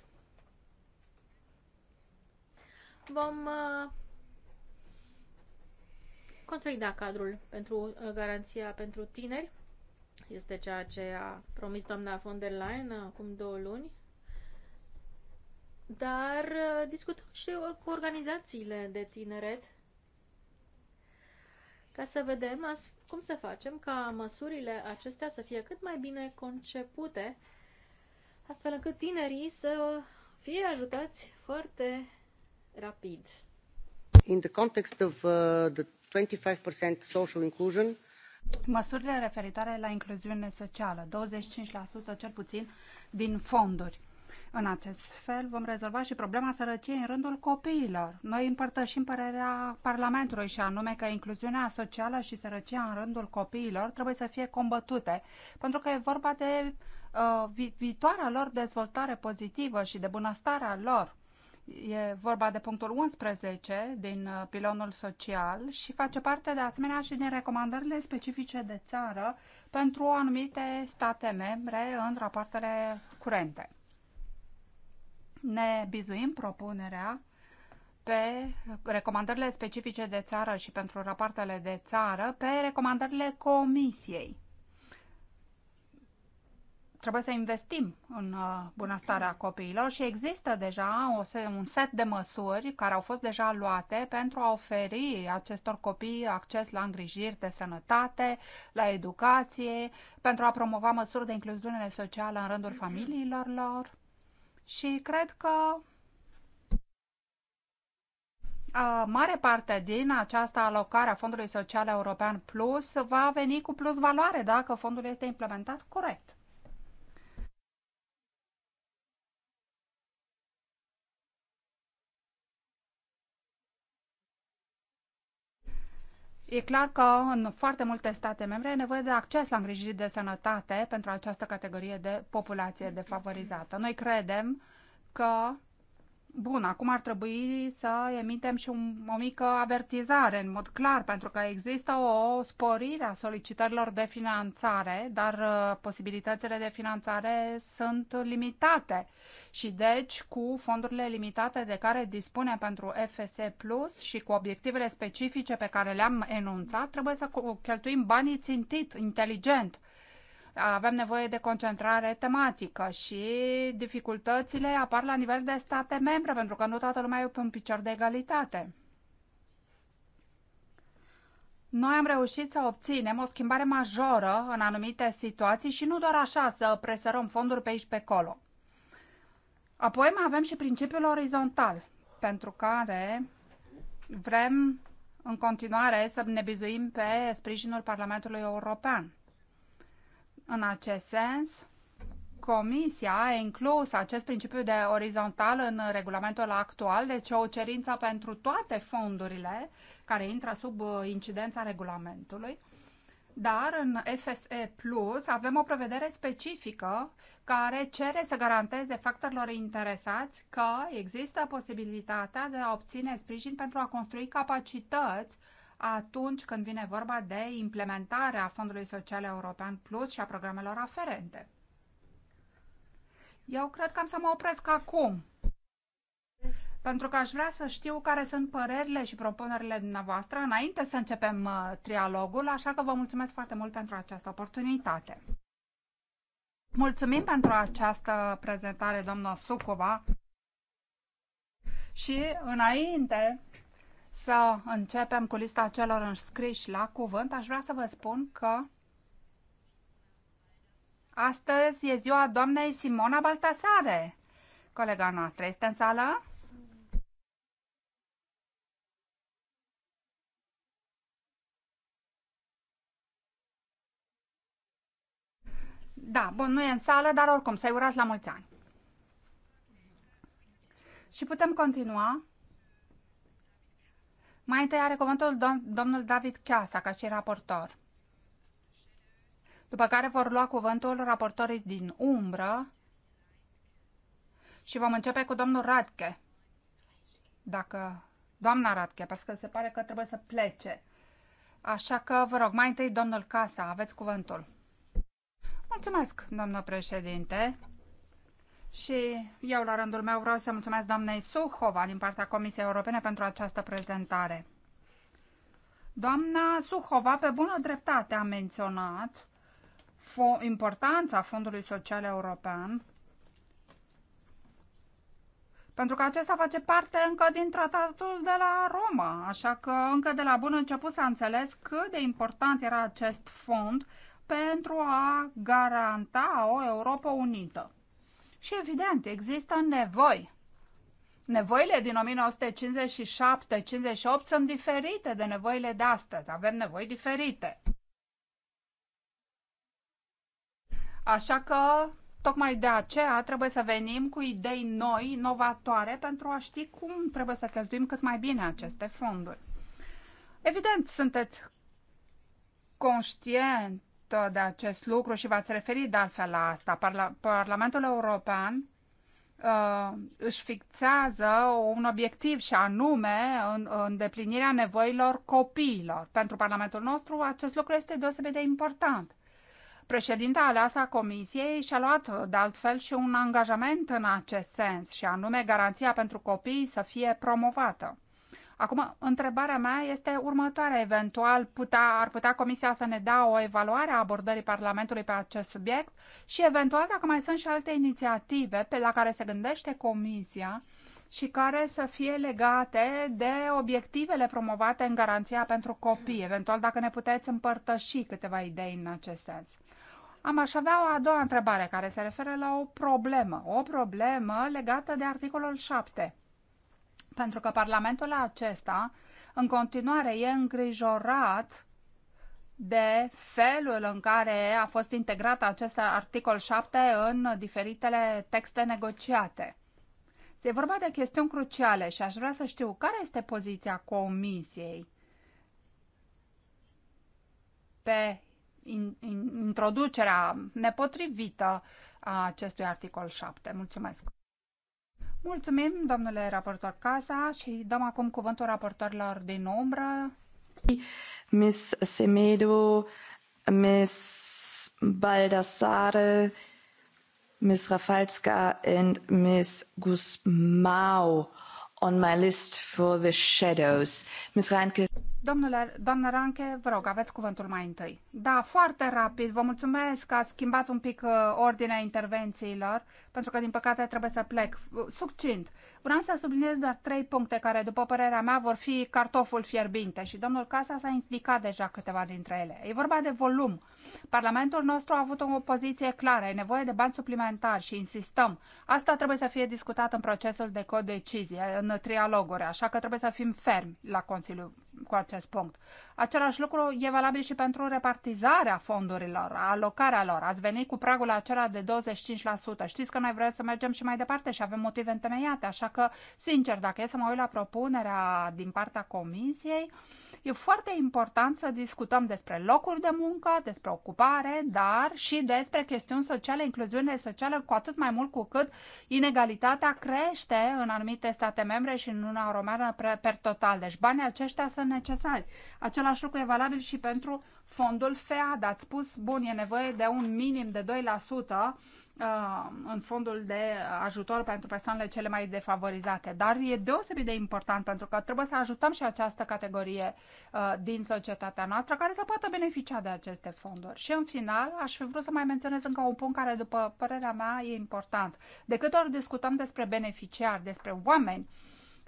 Vom uh, consolida cadrul pentru uh, garanția pentru tineri. Este ceea ce a promis doamna von der Leyen acum două luni. Dar uh, discutăm și cu organizațiile de tineret ca să vedem cum să facem ca măsurile acestea să fie cât mai bine concepute astfel încât tinerii să fie ajutați foarte rapid. In the context of uh, the 25% social inclusion, Măsurile referitoare la incluziune socială, 25% cel puțin din fonduri. În acest fel vom rezolva și problema sărăciei în rândul copiilor. Noi împărtășim părerea Parlamentului și anume că incluziunea socială și sărăcia în rândul copiilor trebuie să fie combătute, pentru că e vorba de uh, vi viitoarea lor dezvoltare pozitivă și de bunăstarea lor. E vorba de punctul 11 din uh, pilonul social și face parte de asemenea și din recomandările specifice de țară pentru anumite state membre în rapoartele curente. Ne bizuim propunerea pe recomandările specifice de țară și pentru rapoartele de țară pe recomandările comisiei trebuie să investim în uh, bunăstarea copiilor și există deja un set de măsuri care au fost deja luate pentru a oferi acestor copii acces la îngrijiri de sănătate, la educație, pentru a promova măsuri de incluziune socială în rândul familiilor lor. Și cred că uh, mare parte din această alocare a Fondului Social European Plus va veni cu plus valoare dacă fondul este implementat corect. E clar că în foarte multe state membre e nevoie de acces la îngrijiri de sănătate pentru această categorie de populație defavorizată. Noi credem că Bun, acum ar trebui să emitem și un, o mică avertizare în mod clar, pentru că există o sporire a solicitărilor de finanțare, dar uh, posibilitățile de finanțare sunt limitate și deci cu fondurile limitate de care dispune pentru FS Plus și cu obiectivele specifice pe care le-am enunțat, trebuie să cheltuim banii țintit, inteligent avem nevoie de concentrare tematică și dificultățile apar la nivel de state membre, pentru că nu toată lumea e pe un picior de egalitate. Noi am reușit să obținem o schimbare majoră în anumite situații și nu doar așa să presărăm fonduri pe aici pe acolo. Apoi mai avem și principiul orizontal, pentru care vrem în continuare să ne bizuim pe sprijinul Parlamentului European. În acest sens, Comisia a inclus acest principiu de orizontal în regulamentul actual, deci o cerință pentru toate fondurile care intră sub uh, incidența regulamentului. Dar în FSE Plus avem o prevedere specifică care cere să garanteze factorilor interesați că există posibilitatea de a obține sprijin pentru a construi capacități atunci când vine vorba de implementarea Fondului Social European Plus și a programelor aferente. Eu cred că am să mă opresc acum, pentru că aș vrea să știu care sunt părerile și propunerile dumneavoastră înainte să începem uh, trialogul, așa că vă mulțumesc foarte mult pentru această oportunitate. Mulțumim pentru această prezentare, doamna Sucova. Și înainte să începem cu lista celor înscriși la cuvânt, aș vrea să vă spun că astăzi e ziua doamnei Simona Baltasare. Colega noastră este în sală? Da, bun, nu e în sală, dar oricum, să-i urați la mulți ani. Și putem continua mai întâi are cuvântul dom domnul David Chiasa, ca și raportor. După care vor lua cuvântul raportorii din umbră și vom începe cu domnul Radke. Dacă doamna Radke, pentru că se pare că trebuie să plece. Așa că vă rog, mai întâi domnul Casa, aveți cuvântul. Mulțumesc, doamnă președinte. Și eu, la rândul meu, vreau să mulțumesc doamnei Suhova din partea Comisiei Europene pentru această prezentare. Doamna Suhova, pe bună dreptate, a menționat fo importanța Fondului Social European pentru că acesta face parte încă din tratatul de la Roma, așa că încă de la bun început s-a înțeles cât de important era acest fond pentru a garanta o Europa unită. Și evident, există nevoi. Nevoile din 1957-58 sunt diferite de nevoile de astăzi. Avem nevoi diferite. Așa că, tocmai de aceea, trebuie să venim cu idei noi, inovatoare, pentru a ști cum trebuie să cheltuim cât mai bine aceste fonduri. Evident, sunteți conștient Uh, de acest lucru și v-ați referit de altfel la asta. Parla Parlamentul European uh, își fixează un obiectiv și anume în, îndeplinirea nevoilor copiilor. Pentru Parlamentul nostru acest lucru este deosebit de important. Președinta aleasă a Comisiei și-a luat de altfel și un angajament în acest sens și anume garanția pentru copii să fie promovată. Acum, întrebarea mea este următoarea. Eventual, putea, ar putea Comisia să ne dea o evaluare a abordării Parlamentului pe acest subiect și, eventual, dacă mai sunt și alte inițiative pe la care se gândește Comisia și care să fie legate de obiectivele promovate în garanția pentru copii. Eventual, dacă ne puteți împărtăși câteva idei în acest sens. Am aș avea o a doua întrebare care se referă la o problemă, o problemă legată de articolul 7 pentru că Parlamentul acesta în continuare e îngrijorat de felul în care a fost integrat acest articol 7 în diferitele texte negociate. E vorba de chestiuni cruciale și aș vrea să știu care este poziția Comisiei pe introducerea nepotrivită a acestui articol 7. Mulțumesc! Mulțumim, domnule raportor Casa, și dăm acum cuvântul raportorilor din umbră. Miss Semedo, Miss Baldassare, Miss Rafalska and Miss Guzmao on my list for the shadows. Miss Reinke. Domnule, doamnă Ranche, vă rog, aveți cuvântul mai întâi. Da, foarte rapid. Vă mulțumesc că a schimbat un pic uh, ordinea intervențiilor, pentru că, din păcate, trebuie să plec. Uh, succint. Vreau să subliniez doar trei puncte care, după părerea mea, vor fi cartoful fierbinte și domnul Casa s-a indicat deja câteva dintre ele. E vorba de volum. Parlamentul nostru a avut o poziție clară. E nevoie de bani suplimentari și insistăm. Asta trebuie să fie discutat în procesul de codecizie, în trialoguri, așa că trebuie să fim fermi la Consiliu cu acest punct. Același lucru e valabil și pentru repartizarea fondurilor, alocarea lor. Ați venit cu pragul acela de 25%. Știți că noi vrem să mergem și mai departe și avem motive întemeiate, așa că, sincer, dacă e să mă uit la propunerea din partea comisiei, e foarte important să discutăm despre locuri de muncă, despre ocupare, dar și despre chestiuni sociale, incluziune socială, cu atât mai mult cu cât inegalitatea crește în anumite state membre și în Uniunea Europeană per total. Deci banii aceștia sunt necesari necesari. Același lucru e valabil și pentru fondul FEAD. Ați spus, bun, e nevoie de un minim de 2% uh, în fondul de ajutor pentru persoanele cele mai defavorizate, dar e deosebit de important pentru că trebuie să ajutăm și această categorie uh, din societatea noastră care să poată beneficia de aceste fonduri. Și în final, aș fi vrut să mai menționez încă un punct care, după părerea mea, e important. De câte ori discutăm despre beneficiari, despre oameni,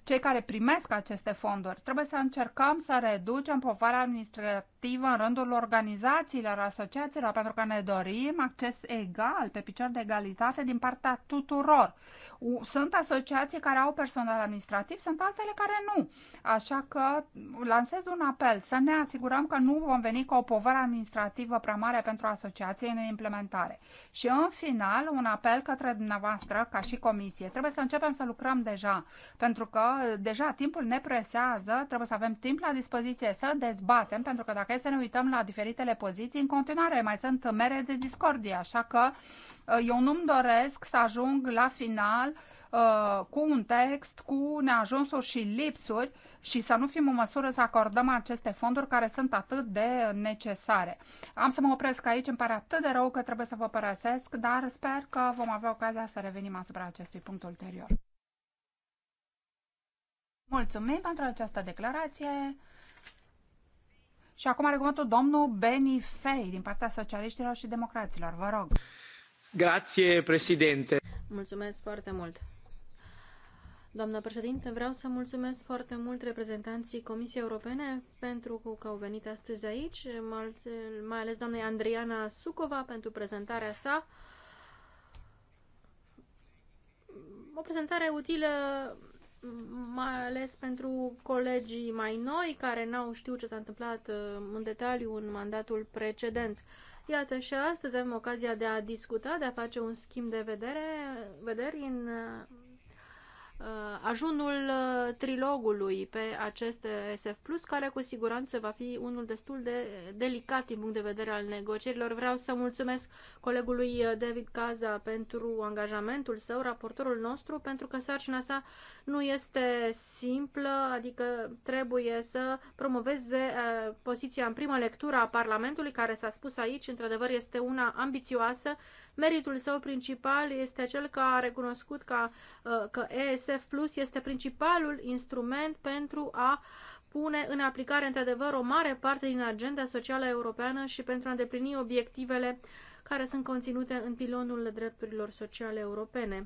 cei care primesc aceste fonduri. Trebuie să încercăm să reducem povara administrativă activă în rândul organizațiilor, asociațiilor, pentru că ne dorim acces egal, pe picior de egalitate din partea tuturor. Sunt asociații care au personal administrativ, sunt altele care nu. Așa că lansez un apel să ne asigurăm că nu vom veni cu o povară administrativă prea mare pentru asociații în implementare. Și în final, un apel către dumneavoastră, ca și comisie. Trebuie să începem să lucrăm deja, pentru că deja timpul ne presează, trebuie să avem timp la dispoziție să dezbatem, pentru că dacă dacă e să ne uităm la diferitele poziții, în continuare mai sunt mere de discordie, așa că uh, eu nu-mi doresc să ajung la final uh, cu un text, cu neajunsuri și lipsuri și să nu fim în măsură să acordăm aceste fonduri care sunt atât de necesare. Am să mă opresc aici, îmi pare atât de rău că trebuie să vă părăsesc, dar sper că vom avea ocazia să revenim asupra acestui punct ulterior. Mulțumim pentru această declarație. Și acum are cuvântul domnul Beni Fei din partea socialiștilor și democraților. Vă rog. Grație, președinte. Mulțumesc foarte mult. Doamna președinte, vreau să mulțumesc foarte mult reprezentanții Comisiei Europene pentru că au venit astăzi aici, mai ales doamnei Andriana Sucova pentru prezentarea sa. O prezentare utilă mai ales pentru colegii mai noi care n-au știut ce s-a întâmplat uh, în detaliu în mandatul precedent. Iată și astăzi avem ocazia de a discuta, de a face un schimb de vedere, vederi în uh, Uh, ajunul uh, trilogului pe acest SF+, Plus, care cu siguranță va fi unul destul de delicat din punct de vedere al negocierilor. Vreau să mulțumesc colegului uh, David Caza pentru angajamentul său, raportorul nostru, pentru că sarcina sa nu este simplă, adică trebuie să promoveze poziția în primă lectură a Parlamentului, care s-a spus aici, într-adevăr este una ambițioasă. Meritul său principal este cel că a recunoscut ca, că ES ESF Plus este principalul instrument pentru a pune în aplicare, într-adevăr, o mare parte din agenda socială europeană și pentru a îndeplini obiectivele care sunt conținute în pilonul drepturilor sociale europene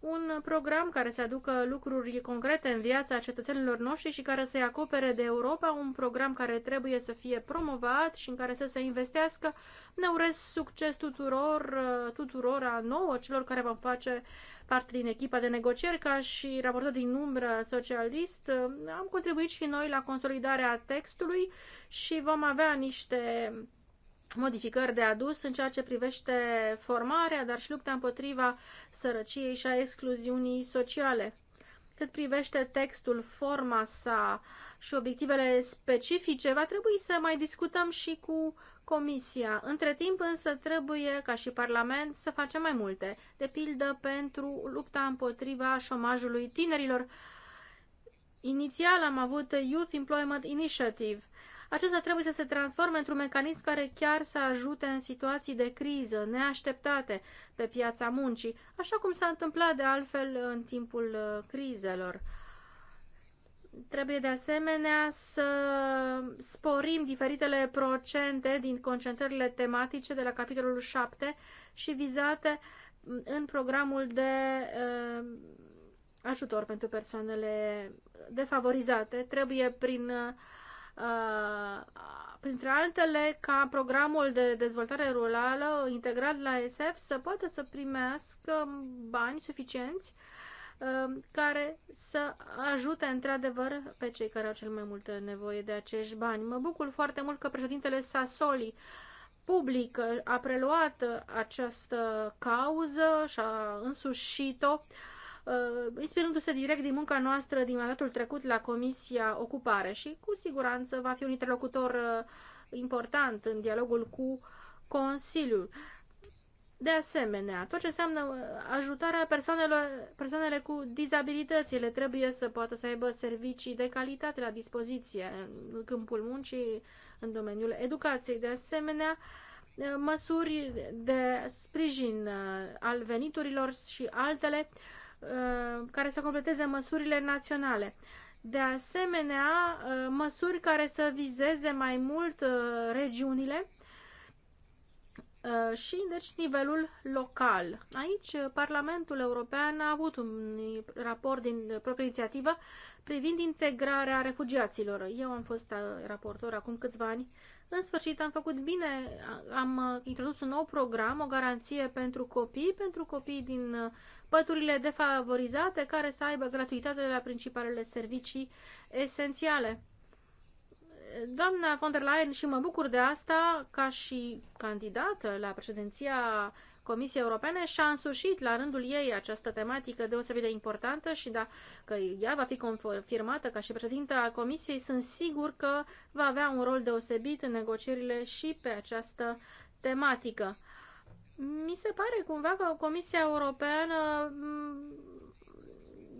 un program care să aducă lucruri concrete în viața cetățenilor noștri și care să-i acopere de Europa, un program care trebuie să fie promovat și în care să se investească. Ne urez succes tuturor, uh, tuturor a nouă, celor care vom face parte din echipa de negocieri, ca și raportat din umbră socialist. Uh, am contribuit și noi la consolidarea textului și vom avea niște modificări de adus în ceea ce privește formarea, dar și lupta împotriva sărăciei și a excluziunii sociale. Cât privește textul, forma sa și obiectivele specifice, va trebui să mai discutăm și cu Comisia. Între timp însă trebuie, ca și Parlament, să facem mai multe, de pildă pentru lupta împotriva șomajului tinerilor. Inițial am avut Youth Employment Initiative, acesta trebuie să se transforme într-un mecanism care chiar să ajute în situații de criză neașteptate pe piața muncii, așa cum s-a întâmplat de altfel în timpul uh, crizelor. Trebuie de asemenea să sporim diferitele procente din concentrările tematice de la capitolul 7 și vizate mm, în programul de uh, ajutor pentru persoanele defavorizate. Trebuie prin uh, Uh, printre altele, ca programul de dezvoltare rurală integrat la SF să poată să primească bani suficienți uh, care să ajute într-adevăr pe cei care au cel mai multă nevoie de acești bani. Mă bucur foarte mult că președintele Sassoli public a preluat această cauză și a însușit-o uh, Uh, inspirându-se direct din munca noastră din mandatul trecut la Comisia Ocupare și cu siguranță va fi un interlocutor uh, important în dialogul cu Consiliul. De asemenea, tot ce înseamnă uh, ajutarea persoanelor, persoanele cu dizabilitățile trebuie să poată să aibă servicii de calitate la dispoziție în câmpul muncii, în domeniul educației. De asemenea, măsuri de sprijin al veniturilor și altele Uh, care să completeze măsurile naționale. De asemenea, uh, măsuri care să vizeze mai mult uh, regiunile și, deci, nivelul local. Aici, Parlamentul European a avut un raport din proprie inițiativă privind integrarea refugiaților. Eu am fost raportor acum câțiva ani în sfârșit, am făcut bine, am introdus un nou program, o garanție pentru copii, pentru copii din uh, păturile defavorizate, care să aibă gratuitate de la principalele servicii esențiale. Doamna von der Leyen, și mă bucur de asta, ca și candidată la președinția Comisiei Europene și a însușit la rândul ei această tematică deosebit de importantă și dacă ea va fi confirmată ca și președintă a Comisiei, sunt sigur că va avea un rol deosebit în negocierile și pe această tematică. Mi se pare cumva că Comisia Europeană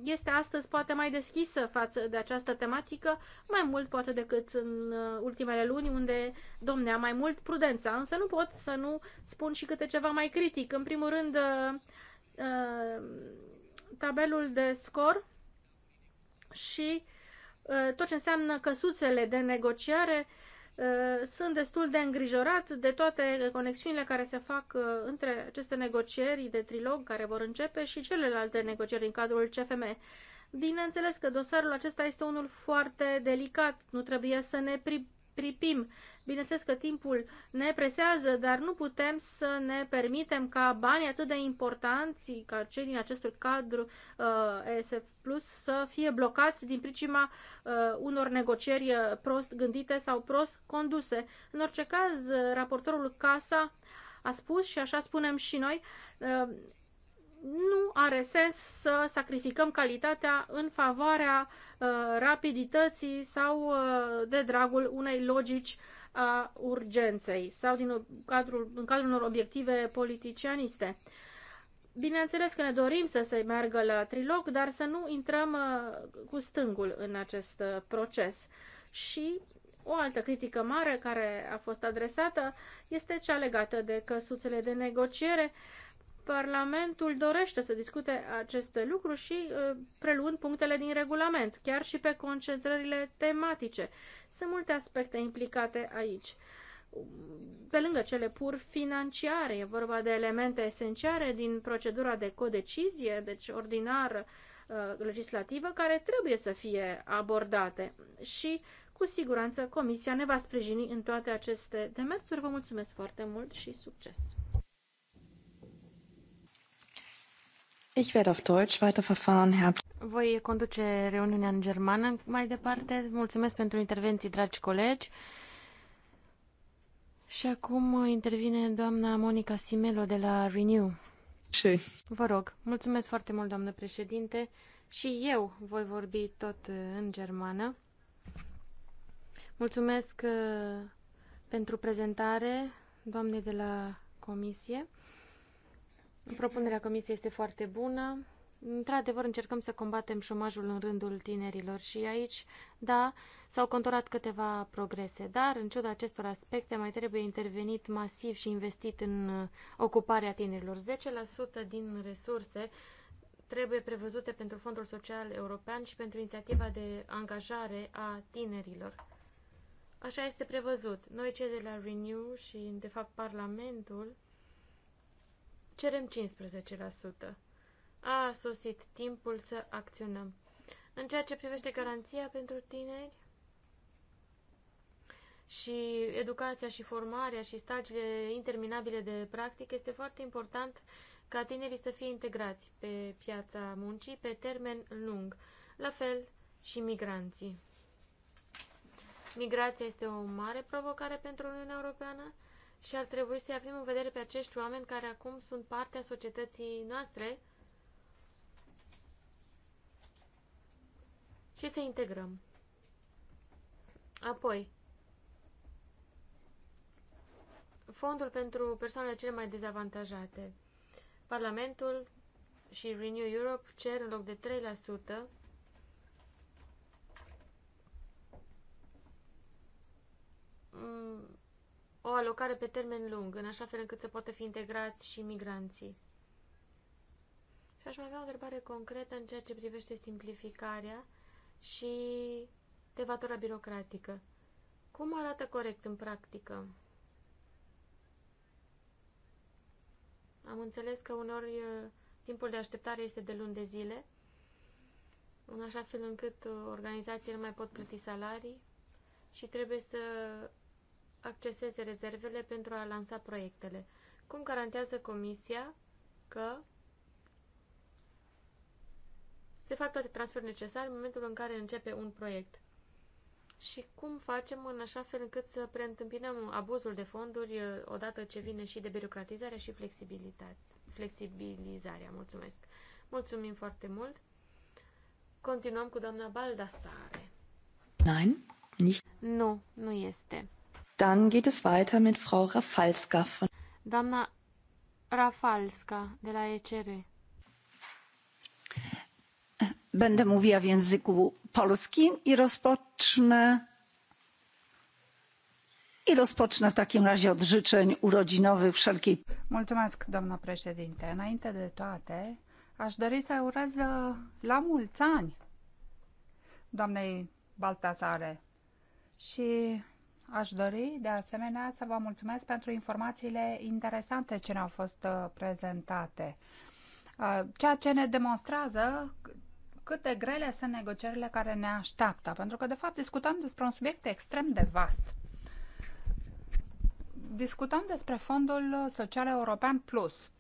este astăzi poate mai deschisă față de această tematică, mai mult poate decât în uh, ultimele luni, unde domnea mai mult prudența. Însă nu pot să nu spun și câte ceva mai critic. În primul rând, uh, uh, tabelul de scor și tot ce înseamnă căsuțele de negociare Uh, sunt destul de îngrijorat de toate conexiunile care se fac uh, între aceste negocieri de trilog care vor începe și celelalte negocieri în cadrul CFM. Bineînțeles că dosarul acesta este unul foarte delicat, nu trebuie să ne pripim, Bineînțeles că timpul ne presează, dar nu putem să ne permitem ca banii atât de importanți ca cei din acest cadru uh, ESF Plus să fie blocați din pricima uh, unor negocieri uh, prost gândite sau prost conduse. În orice caz, uh, raportorul Casa a spus și așa spunem și noi, uh, nu are sens să sacrificăm calitatea în favoarea uh, rapidității sau uh, de dragul unei logici a uh, urgenței sau din cadrul, în cadrul unor obiective politicianiste. Bineînțeles că ne dorim să se meargă la trilog, dar să nu intrăm uh, cu stângul în acest uh, proces. Și o altă critică mare care a fost adresată este cea legată de căsuțele de negociere. Uh, Parlamentul dorește să discute aceste lucruri și uh, preluând punctele din regulament, chiar și pe concentrările tematice. Sunt multe aspecte implicate aici. Pe lângă cele pur financiare, e vorba de elemente esențiale din procedura de codecizie, deci ordinar uh, legislativă care trebuie să fie abordate și cu siguranță Comisia ne va sprijini în toate aceste demersuri. Vă mulțumesc foarte mult și succes! Ich werde auf Deutsch weiterverfahren. Herz Voi conduce reuniunea în germană mai departe. Mulțumesc pentru intervenții, dragi colegi. Și acum intervine doamna Monica Simelo de la Renew. Și. Vă rog, mulțumesc foarte mult, doamnă președinte. Și eu voi vorbi tot în germană. Mulțumesc uh, pentru prezentare, doamne de la comisie. Propunerea comisiei este foarte bună. Într-adevăr, încercăm să combatem șomajul în rândul tinerilor și aici, da, s-au conturat câteva progrese, dar, în ciuda acestor aspecte, mai trebuie intervenit masiv și investit în uh, ocuparea tinerilor. 10% din resurse trebuie prevăzute pentru Fondul Social European și pentru inițiativa de angajare a tinerilor. Așa este prevăzut. Noi, cei de la Renew și, de fapt, Parlamentul, Cerem 15%. A sosit timpul să acționăm. În ceea ce privește garanția pentru tineri și educația și formarea și stagiile interminabile de practică, este foarte important ca tinerii să fie integrați pe piața muncii pe termen lung, la fel și migranții. Migrația este o mare provocare pentru Uniunea Europeană și ar trebui să avem în vedere pe acești oameni care acum sunt partea societății noastre și să integrăm. Apoi, fondul pentru persoanele cele mai dezavantajate. Parlamentul și Renew Europe cer în loc de 3% o alocare pe termen lung, în așa fel încât să poată fi integrați și migranții. Și aș mai avea o întrebare concretă în ceea ce privește simplificarea și devatora birocratică. Cum arată corect în practică? Am înțeles că uneori uh, timpul de așteptare este de luni de zile, în așa fel încât uh, organizațiile nu mai pot plăti salarii și trebuie să acceseze rezervele pentru a lansa proiectele. Cum garantează Comisia că se fac toate transferurile necesare în momentul în care începe un proiect? Și cum facem în așa fel încât să preîntâmpinăm abuzul de fonduri odată ce vine și de birocratizarea și flexibilitate, flexibilizarea? Mulțumesc! Mulțumim foarte mult! Continuăm cu doamna Baldasare. Nein, nicht. Nu, nu este. Dann geht es weiter mit Frau Rafalska von Doamna Rafalska de la ECR. Będę mówiła w języku polskim i rozpocznę i rozpocznę w takim razie od życzeń urodzinowych wszelkiej. Mulțumesc, doamna președinte. Înainte de toate, aș dori să urez uh, la mulți ani doamnei Baltazare și Aș dori, de asemenea, să vă mulțumesc pentru informațiile interesante ce ne-au fost uh, prezentate. Uh, ceea ce ne demonstrează cât de grele sunt negocierile care ne așteaptă, pentru că, de fapt, discutăm despre un subiect extrem de vast. Discutăm despre Fondul Social European Plus.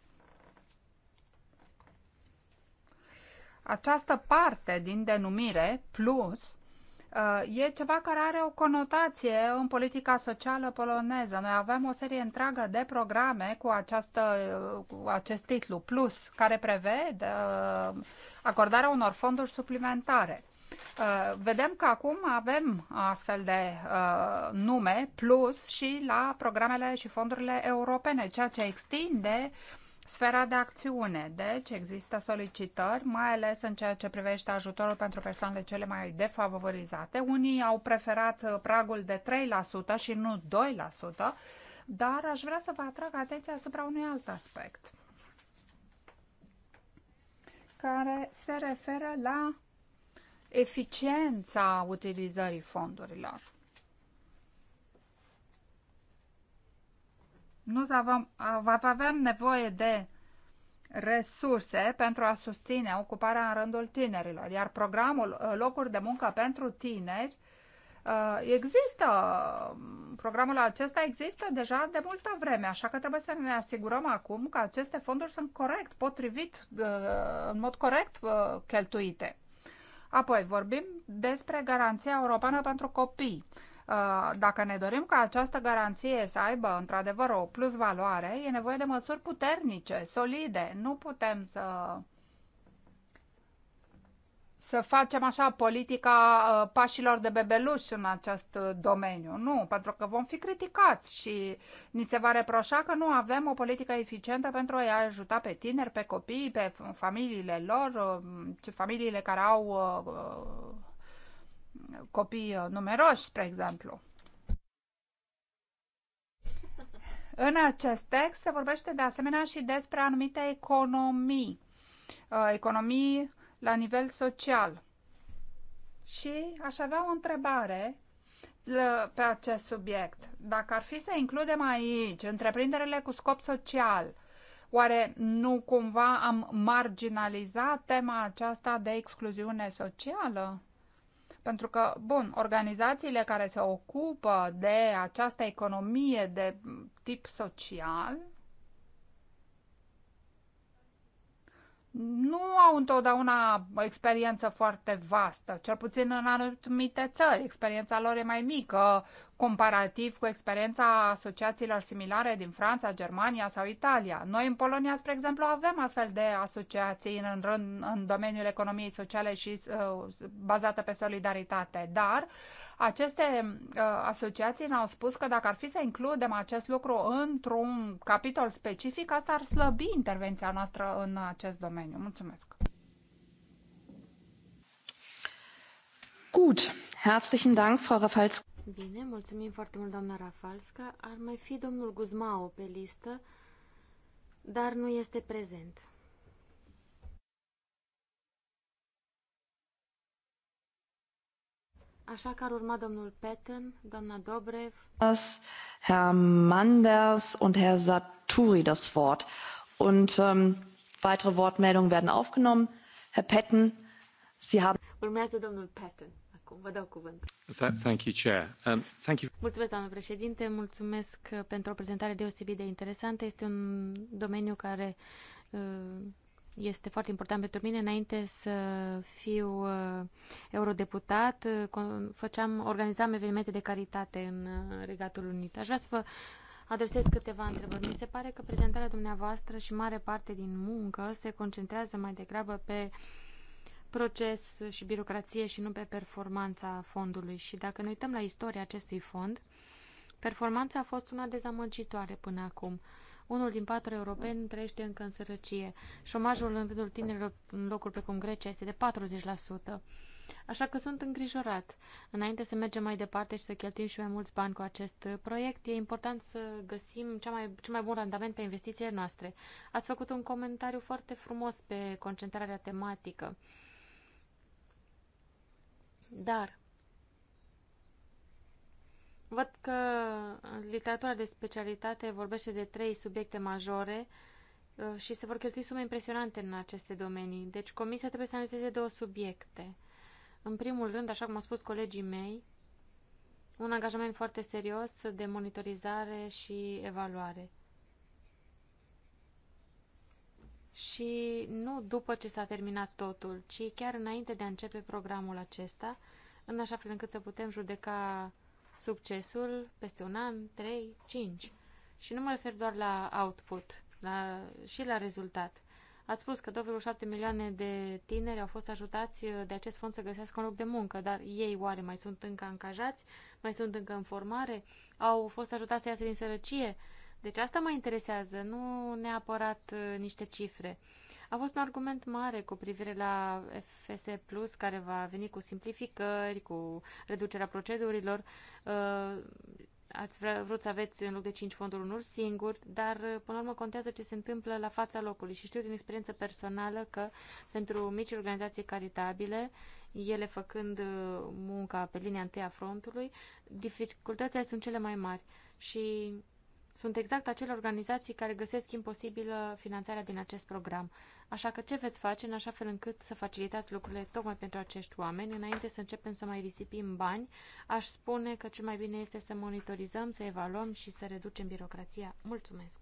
Această parte din denumire, plus, Uh, e ceva care are o conotație în politica socială poloneză. Noi avem o serie întreagă de programe cu, această, cu acest titlu plus, care prevede uh, acordarea unor fonduri suplimentare. Uh, vedem că acum avem astfel de nume plus și la programele și fondurile europene, ceea ce extinde uh, Sfera de acțiune. Deci există solicitări, mai ales în ceea ce privește ajutorul pentru persoanele cele mai defavorizate. Unii au preferat uh, pragul de 3% și nu 2%, dar aș vrea să vă atrag atenția asupra unui alt aspect care se referă la eficiența utilizării fondurilor. nu avem, nevoie de resurse pentru a susține ocuparea în rândul tinerilor, iar programul uh, Locuri de Muncă pentru Tineri uh, există, programul acesta există deja de multă vreme, așa că trebuie să ne asigurăm acum că aceste fonduri sunt corect, potrivit, uh, în mod corect cheltuite. Apoi vorbim despre garanția europeană pentru copii. Uh, dacă ne dorim ca această garanție să aibă într-adevăr o plus valoare, e nevoie de măsuri puternice, solide. Nu putem să să facem așa politica uh, pașilor de bebeluș în acest domeniu. Nu, pentru că vom fi criticați și ni se va reproșa că nu avem o politică eficientă pentru a-i ajuta pe tineri, pe copii, pe familiile lor, uh, familiile care au copii uh, numeroși, spre exemplu. În acest text se vorbește de asemenea și despre anumite economii, uh, economii la nivel social. Și aș avea o întrebare uh, pe acest subiect. Dacă ar fi să includem aici întreprinderile cu scop social, oare nu cumva am marginalizat tema aceasta de excluziune socială? Pentru că, bun, organizațiile care se ocupă de această economie de tip social nu au întotdeauna o experiență foarte vastă, cel puțin în anumite țări. Experiența lor e mai mică, comparativ cu experiența asociațiilor similare din Franța, Germania sau Italia. Noi în Polonia, spre exemplu, avem astfel de asociații în, în, în domeniul economiei sociale și uh, bazată pe solidaritate, dar aceste uh, asociații ne-au spus că dacă ar fi să includem acest lucru într-un capitol specific, asta ar slăbi intervenția noastră în acest domeniu. Mulțumesc! Gut, herzlichen Dank, Frau Rafalski. Bine, mulțumim foarte mult, doamna Rafalska. Ar mai fi domnul Guzmao pe listă, dar nu este prezent. Așa că ar urma domnul Petten, doamna Dobrev. Herr Manders und Herr Saturi das Wort. Und um, weitere Wortmeldungen werden aufgenommen. Herr Petten, Sie haben... Urmează domnul Petten. Vă dau cuvânt. Thank you, Chair. Um, thank you. Mulțumesc, doamnă președinte. Mulțumesc uh, pentru o prezentare deosebit de interesantă. Este un domeniu care uh, este foarte important pentru mine. Înainte să fiu uh, eurodeputat, făceam, organizam evenimente de caritate în Regatul Unit. Aș vrea să vă adresez câteva întrebări. Mi se pare că prezentarea dumneavoastră și mare parte din muncă se concentrează mai degrabă pe uh, proces și birocrație și nu pe performanța fondului. Și dacă ne uităm la istoria acestui fond, performanța a fost una dezamăgitoare până acum. Unul din patru europeni trăiește încă în sărăcie. Șomajul în rândul tinerilor în locuri precum Grecia este de 40%. Așa că sunt îngrijorat. Înainte să mergem mai departe și să cheltuim și mai mulți bani cu acest proiect, e important să găsim cea mai, cel mai bun randament pe investițiile noastre. Ați făcut un comentariu foarte frumos pe concentrarea tematică. Uh, dar văd că literatura de specialitate vorbește de trei subiecte majore uh, și se vor cheltui sume impresionante în aceste domenii. Deci comisia trebuie să analizeze două subiecte. În primul rând, așa cum au spus colegii mei, un angajament foarte serios de monitorizare și evaluare. și nu după ce s-a terminat totul, ci chiar înainte de a începe programul acesta, în așa fel încât să putem judeca succesul peste un an, trei, cinci. Și nu mă refer doar la output, la, și la rezultat. Ați spus că 2,7 milioane de tineri au fost ajutați de acest fond să găsească un loc de muncă, dar ei oare mai sunt încă angajați? Mai sunt încă în formare? Au fost ajutați să iasă din sărăcie? Deci asta mă interesează, nu neapărat uh, niște cifre. A fost un argument mare cu privire la FS Plus, care va veni cu simplificări, cu reducerea procedurilor. Uh, ați vrea, vrut să aveți în loc de 5 fonduri unul singur, dar uh, până la urmă contează ce se întâmplă la fața locului. Și știu din experiență personală că pentru mici organizații caritabile, ele făcând munca pe linia întâi a frontului, dificultățile sunt cele mai mari. Și sunt exact acele organizații care găsesc imposibilă finanțarea din acest program. Așa că ce veți face în așa fel încât să facilitați lucrurile tocmai pentru acești oameni? Înainte să începem să mai risipim bani, aș spune că cel mai bine este să monitorizăm, să evaluăm și să reducem birocrația. Mulțumesc!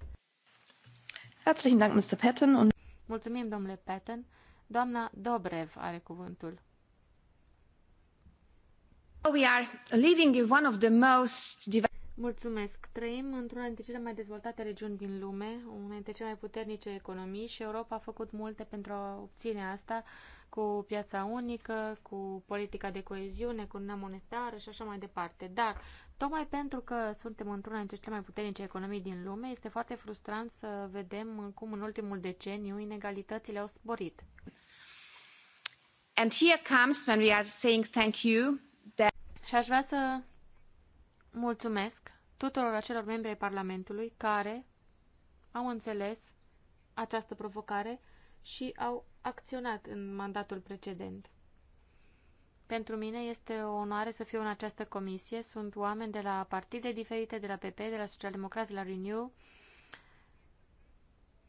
Herzlichen Dank, Mr. Patton. Mulțumim, domnule Patton. Doamna Dobrev are cuvântul. We are living in one of the most Mulțumesc. Trăim într-una dintre cele mai dezvoltate regiuni din lume, una dintre cele mai puternice economii și Europa a făcut multe pentru a obține asta cu piața unică, cu politica de coeziune, cu una monetară și așa mai departe. Dar, tocmai pentru că suntem într-una dintre cele mai puternice economii din lume, este foarte frustrant să vedem cum în ultimul deceniu inegalitățile au sporit. And here comes when we are saying thank you that... Și aș vrea să mulțumesc tuturor acelor membri ai Parlamentului care au înțeles această provocare și au acționat în mandatul precedent. Pentru mine este o onoare să fiu în această comisie. Sunt oameni de la partide diferite, de la PP, de la Socialdemocrați, de la Renew,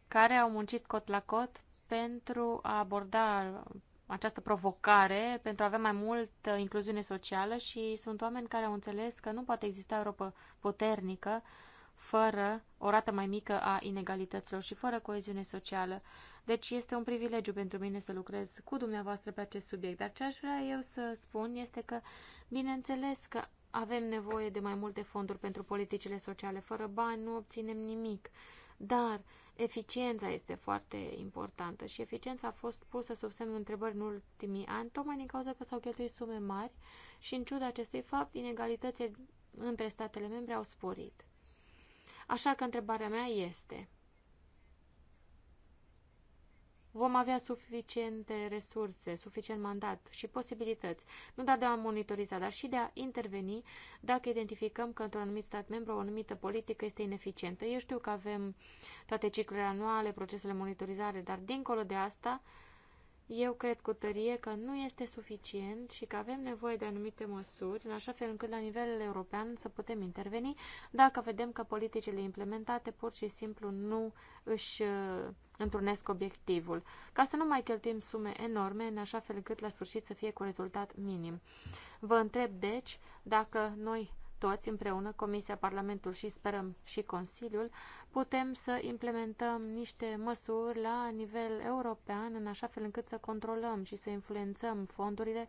care au muncit cot la cot pentru a aborda această provocare pentru a avea mai multă uh, incluziune socială și sunt oameni care au înțeles că nu poate exista Europa puternică fără o rată mai mică a inegalităților și fără coeziune socială. Deci este un privilegiu pentru mine să lucrez cu dumneavoastră pe acest subiect. Dar ce aș vrea eu să spun este că, bineînțeles că avem nevoie de mai multe fonduri pentru politicile sociale. Fără bani nu obținem nimic. Dar eficiența este foarte importantă și eficiența a fost pusă sub semnul întrebării în ultimii ani, tocmai din cauza că s-au cheltuit sume mari și, în ciuda acestui fapt, inegalitățile între statele membre au sporit. Așa că întrebarea mea este, vom avea suficiente resurse, suficient mandat și posibilități, nu doar de a monitoriza, dar și de a interveni dacă identificăm că într-un anumit stat membru o anumită politică este ineficientă. Eu știu că avem toate ciclurile anuale, procesele monitorizare, dar dincolo de asta, uh, eu cred cu tărie că nu este suficient și că avem nevoie de anumite măsuri, în așa fel încât la nivel european să putem interveni dacă vedem că politicile implementate pur și simplu nu își uh, întrunesc obiectivul, ca să nu mai cheltuim sume enorme, în așa fel încât la sfârșit să fie cu rezultat minim. Vă întreb, deci, dacă noi toți împreună, Comisia, Parlamentul și sperăm și Consiliul, putem să implementăm niște măsuri la nivel european în așa fel încât să controlăm și să influențăm fondurile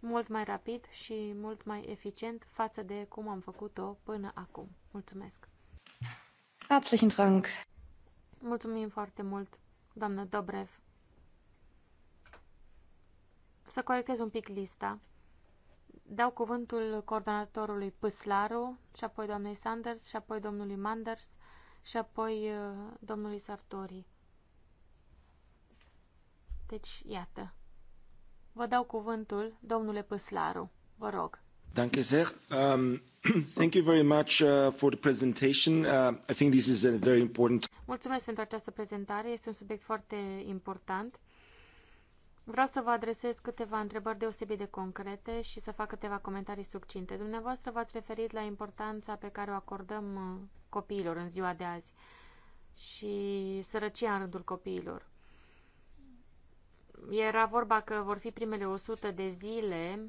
mult mai rapid și mult mai eficient față de cum am făcut-o până acum. Mulțumesc! Herzlichen Dank! Mulțumim foarte mult, doamnă Dobrev! Să corectez un pic lista. Dau cuvântul coordonatorului Păslaru și apoi doamnei Sanders și apoi domnului Manders și apoi uh, domnului Sartori. Deci, iată. Vă dau cuvântul, domnule Păslaru. Vă rog. Danke sehr. Um, thank you very much uh, for the presentation. Uh, I think this is a very important... Mulțumesc pentru această prezentare. Este un subiect foarte important. Vreau să vă adresez câteva întrebări deosebit de concrete și să fac câteva comentarii succinte. Dumneavoastră v-ați referit la importanța pe care o acordăm uh, copiilor în ziua de azi și sărăcia în rândul copiilor. Era vorba că vor fi primele 100 de zile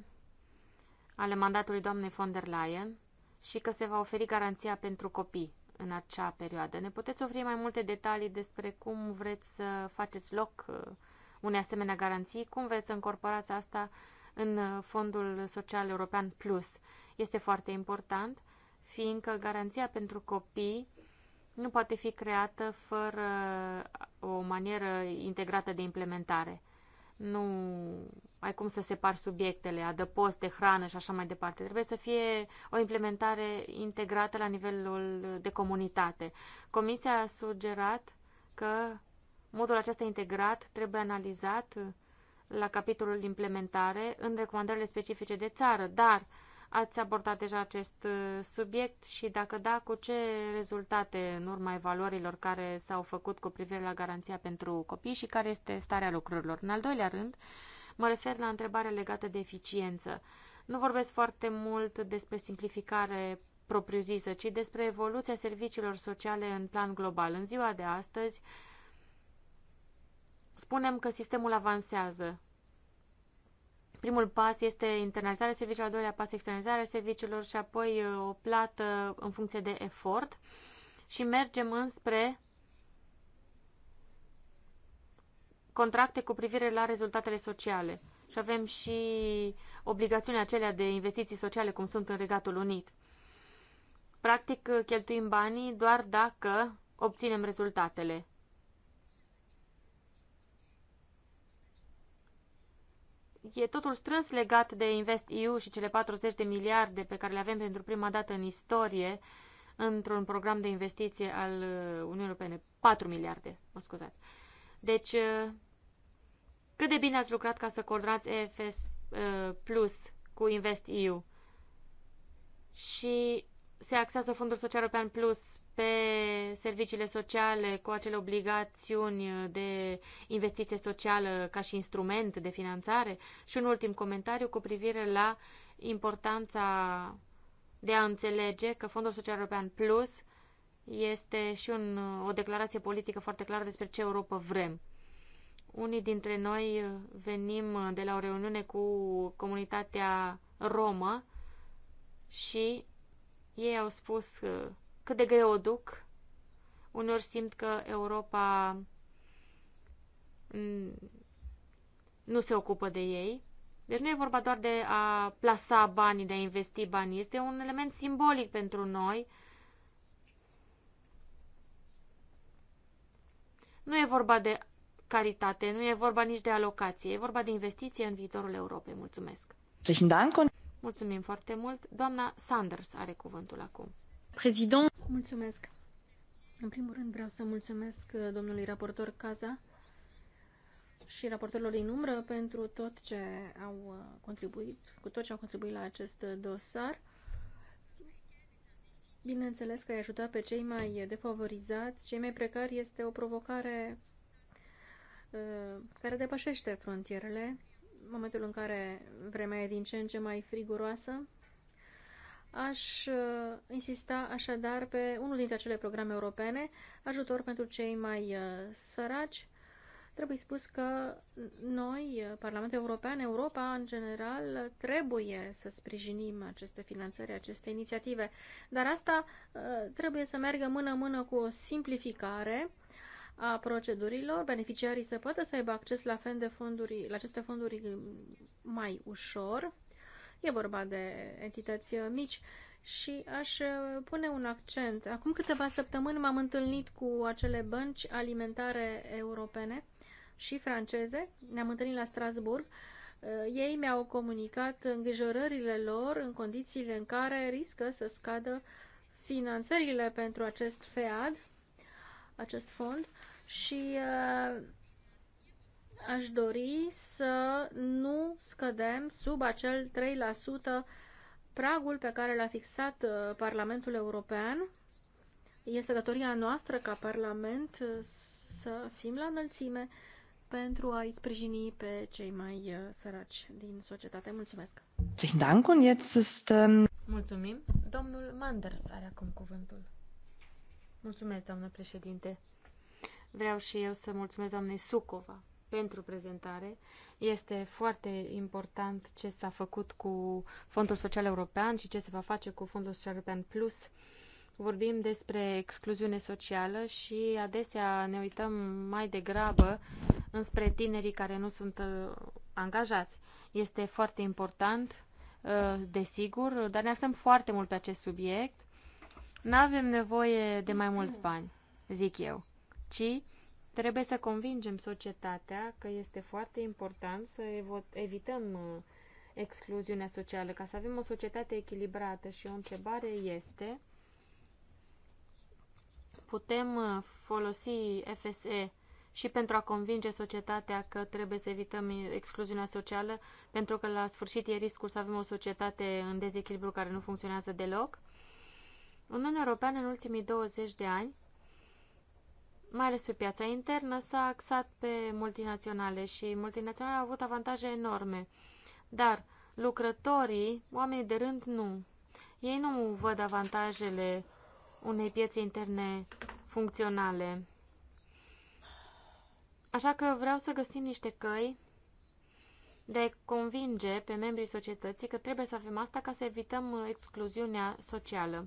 ale mandatului doamnei von der Leyen și că se va oferi garanția pentru copii în acea perioadă. Ne puteți oferi mai multe detalii despre cum vreți să faceți loc uh, unei asemenea garanții. Cum vreți să încorporați asta în Fondul Social European Plus? Este foarte important, fiindcă garanția pentru copii nu poate fi creată fără o manieră integrată de implementare. Nu ai cum să separ subiectele, adăpost de hrană și așa mai departe. Trebuie să fie o implementare integrată la nivelul de comunitate. Comisia a sugerat că Modul acesta integrat trebuie analizat la capitolul implementare în recomandările specifice de țară, dar ați abordat deja acest uh, subiect și dacă da, cu ce rezultate în urma evaluărilor care s-au făcut cu privire la garanția pentru copii și care este starea lucrurilor? În al doilea rând, mă refer la întrebarea legată de eficiență. Nu vorbesc foarte mult despre simplificare propriu-zisă, ci despre evoluția serviciilor sociale în plan global. În ziua de astăzi, spunem că sistemul avansează. Primul pas este internalizarea serviciilor, al doilea pas externalizarea serviciilor și apoi uh, o plată în funcție de efort și mergem înspre contracte cu privire la rezultatele sociale. Și avem și obligațiunea acelea de investiții sociale, cum sunt în Regatul Unit. Practic, uh, cheltuim banii doar dacă obținem rezultatele. e totul strâns legat de Invest EU și cele 40 de miliarde pe care le avem pentru prima dată în istorie într-un program de investiție al uh, Uniunii Europene. 4 miliarde, mă scuzați. Deci, uh, cât de bine ați lucrat ca să coordonați EFS uh, Plus cu Invest EU Și se axează Fondul Social European Plus pe serviciile sociale cu acele obligațiuni de investiție socială ca și instrument de finanțare și un ultim comentariu cu privire la importanța de a înțelege că Fondul Social European Plus este și un, o declarație politică foarte clară despre ce Europa vrem. Unii dintre noi venim de la o reuniune cu comunitatea romă și ei au spus cât de greu o duc. Unor simt că Europa nu se ocupă de ei. Deci nu e vorba doar de a plasa banii, de a investi banii. Este un element simbolic pentru noi. Nu e vorba de caritate, nu e vorba nici de alocație, e vorba de investiție în viitorul Europei. Mulțumesc! Mulțumim foarte mult. Doamna Sanders are cuvântul acum. Prezident. Mulțumesc. În primul rând vreau să mulțumesc uh, domnului raportor Caza și raportorilor din umbră pentru tot ce au uh, contribuit, cu tot ce au contribuit la acest uh, dosar. Bineînțeles că ai ajutat pe cei mai defavorizați, cei mai precari este o provocare care depășește frontierele. În momentul în care vremea e din ce în ce mai friguroasă, Aș uh, insista așadar pe unul dintre acele programe europene, ajutor pentru cei mai uh, săraci. Trebuie spus că noi, uh, Parlamentul European, Europa în general, trebuie să sprijinim aceste finanțări, aceste inițiative, dar asta trebuie să meargă mână-mână cu o simplificare a procedurilor, beneficiarii să poată să aibă acces la, fel de fonduri, la aceste fonduri mm, mai ușor, E vorba de entități uh, mici și aș uh, pune un accent. Acum câteva săptămâni m-am întâlnit cu acele bănci alimentare europene și franceze. Ne-am întâlnit la Strasburg. Uh, ei mi-au comunicat îngrijorările lor în condițiile în care riscă să scadă finanțările pentru acest FEAD, acest fond, și aș dori să nu scădem sub acel 3% pragul pe care l-a fixat uh, Parlamentul European. Este datoria noastră ca Parlament uh, să fim la înălțime pentru a-i sprijini pe cei mai uh, săraci din societate. Mulțumesc! Ähm, Mulțumim! Domnul Manders are acum cuvântul. Mulțumesc, doamnă președinte! Vreau și eu să mulțumesc doamnei Sucova pentru prezentare. Este foarte important ce s-a făcut cu Fondul Social European și ce se va face cu Fondul Social European Plus. Vorbim despre excluziune socială și adesea ne uităm mai degrabă înspre tinerii care nu sunt uh, angajați. Este foarte important, uh, desigur, dar ne axăm foarte mult pe acest subiect. Nu avem nevoie de mai mulți bani, zic eu, ci Trebuie să convingem societatea că este foarte important să evităm uh, excluziunea socială, ca să avem o societate echilibrată. Și o întrebare este, putem uh, folosi FSE și pentru a convinge societatea că trebuie să evităm excluziunea socială, pentru că la sfârșit e riscul să avem o societate în dezechilibru care nu funcționează deloc? Uniunea Europeană în ultimii 20 de ani mai ales pe piața internă, s-a axat pe multinaționale și multinaționale au avut avantaje enorme. Dar lucrătorii, oamenii de rând, nu. Ei nu văd avantajele unei piețe interne funcționale. Așa că vreau să găsim niște căi de a convinge pe membrii societății că trebuie să avem asta ca să evităm excluziunea socială.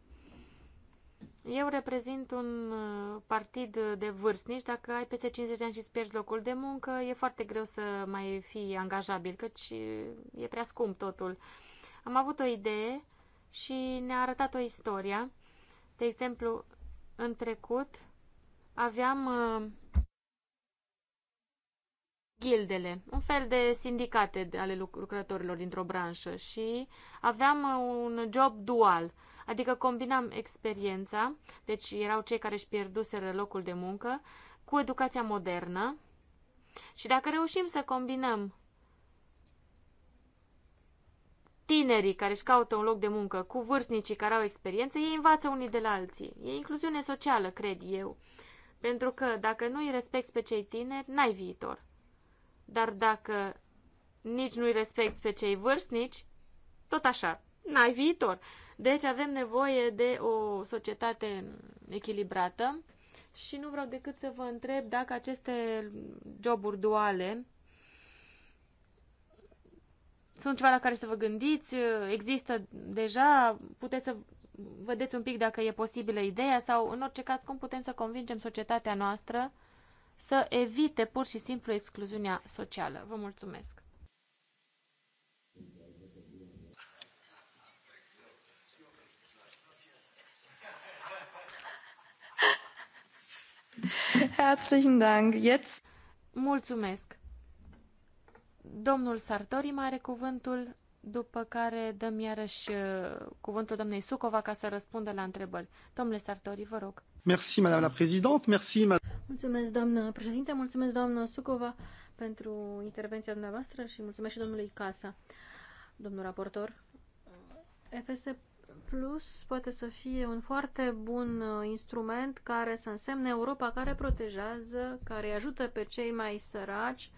Eu reprezint un uh, partid de vârstnici. Dacă ai peste 50 de ani și îți pierzi locul de muncă, e foarte greu să mai fii angajabil, căci e prea scump totul. Am avut o idee și ne-a arătat o istoria. De exemplu, în trecut aveam uh, ghildele, un fel de sindicate ale lucrătorilor dintr-o branșă și aveam uh, un job dual. Uh, Adică combinam experiența, deci erau cei care își pierduseră locul de muncă, cu educația modernă și dacă reușim să combinăm tinerii care își caută un loc de muncă cu vârstnicii care au experiență, ei învață unii de la alții. E incluziune socială, cred eu. Pentru că dacă nu îi respecti pe cei tineri, n-ai viitor. Dar dacă nici nu îi respecti pe cei vârstnici, tot așa, n-ai viitor. Deci avem nevoie de o societate echilibrată și nu vreau decât să vă întreb dacă aceste joburi duale sunt ceva la care să vă gândiți, există deja, puteți să vedeți un pic dacă e posibilă ideea sau în orice caz cum putem să convingem societatea noastră să evite pur și simplu excluziunea socială. Vă mulțumesc! Herzlichen Dank. Jetzt... Mulțumesc. Domnul Sartori mai are cuvântul, după care dăm iarăși uh, cuvântul doamnei Sucova ca să răspundă la întrebări. Domnule Sartori, vă rog. Merci, madame la présidente. Merci, ma... Mulțumesc, doamnă președinte, mulțumesc, doamnă Sucova, pentru intervenția dumneavoastră și mulțumesc și domnului Casa, domnul raportor. Uh, FSP Plus poate să fie un foarte bun uh, instrument care să însemne Europa care protejează, care ajută pe cei mai săraci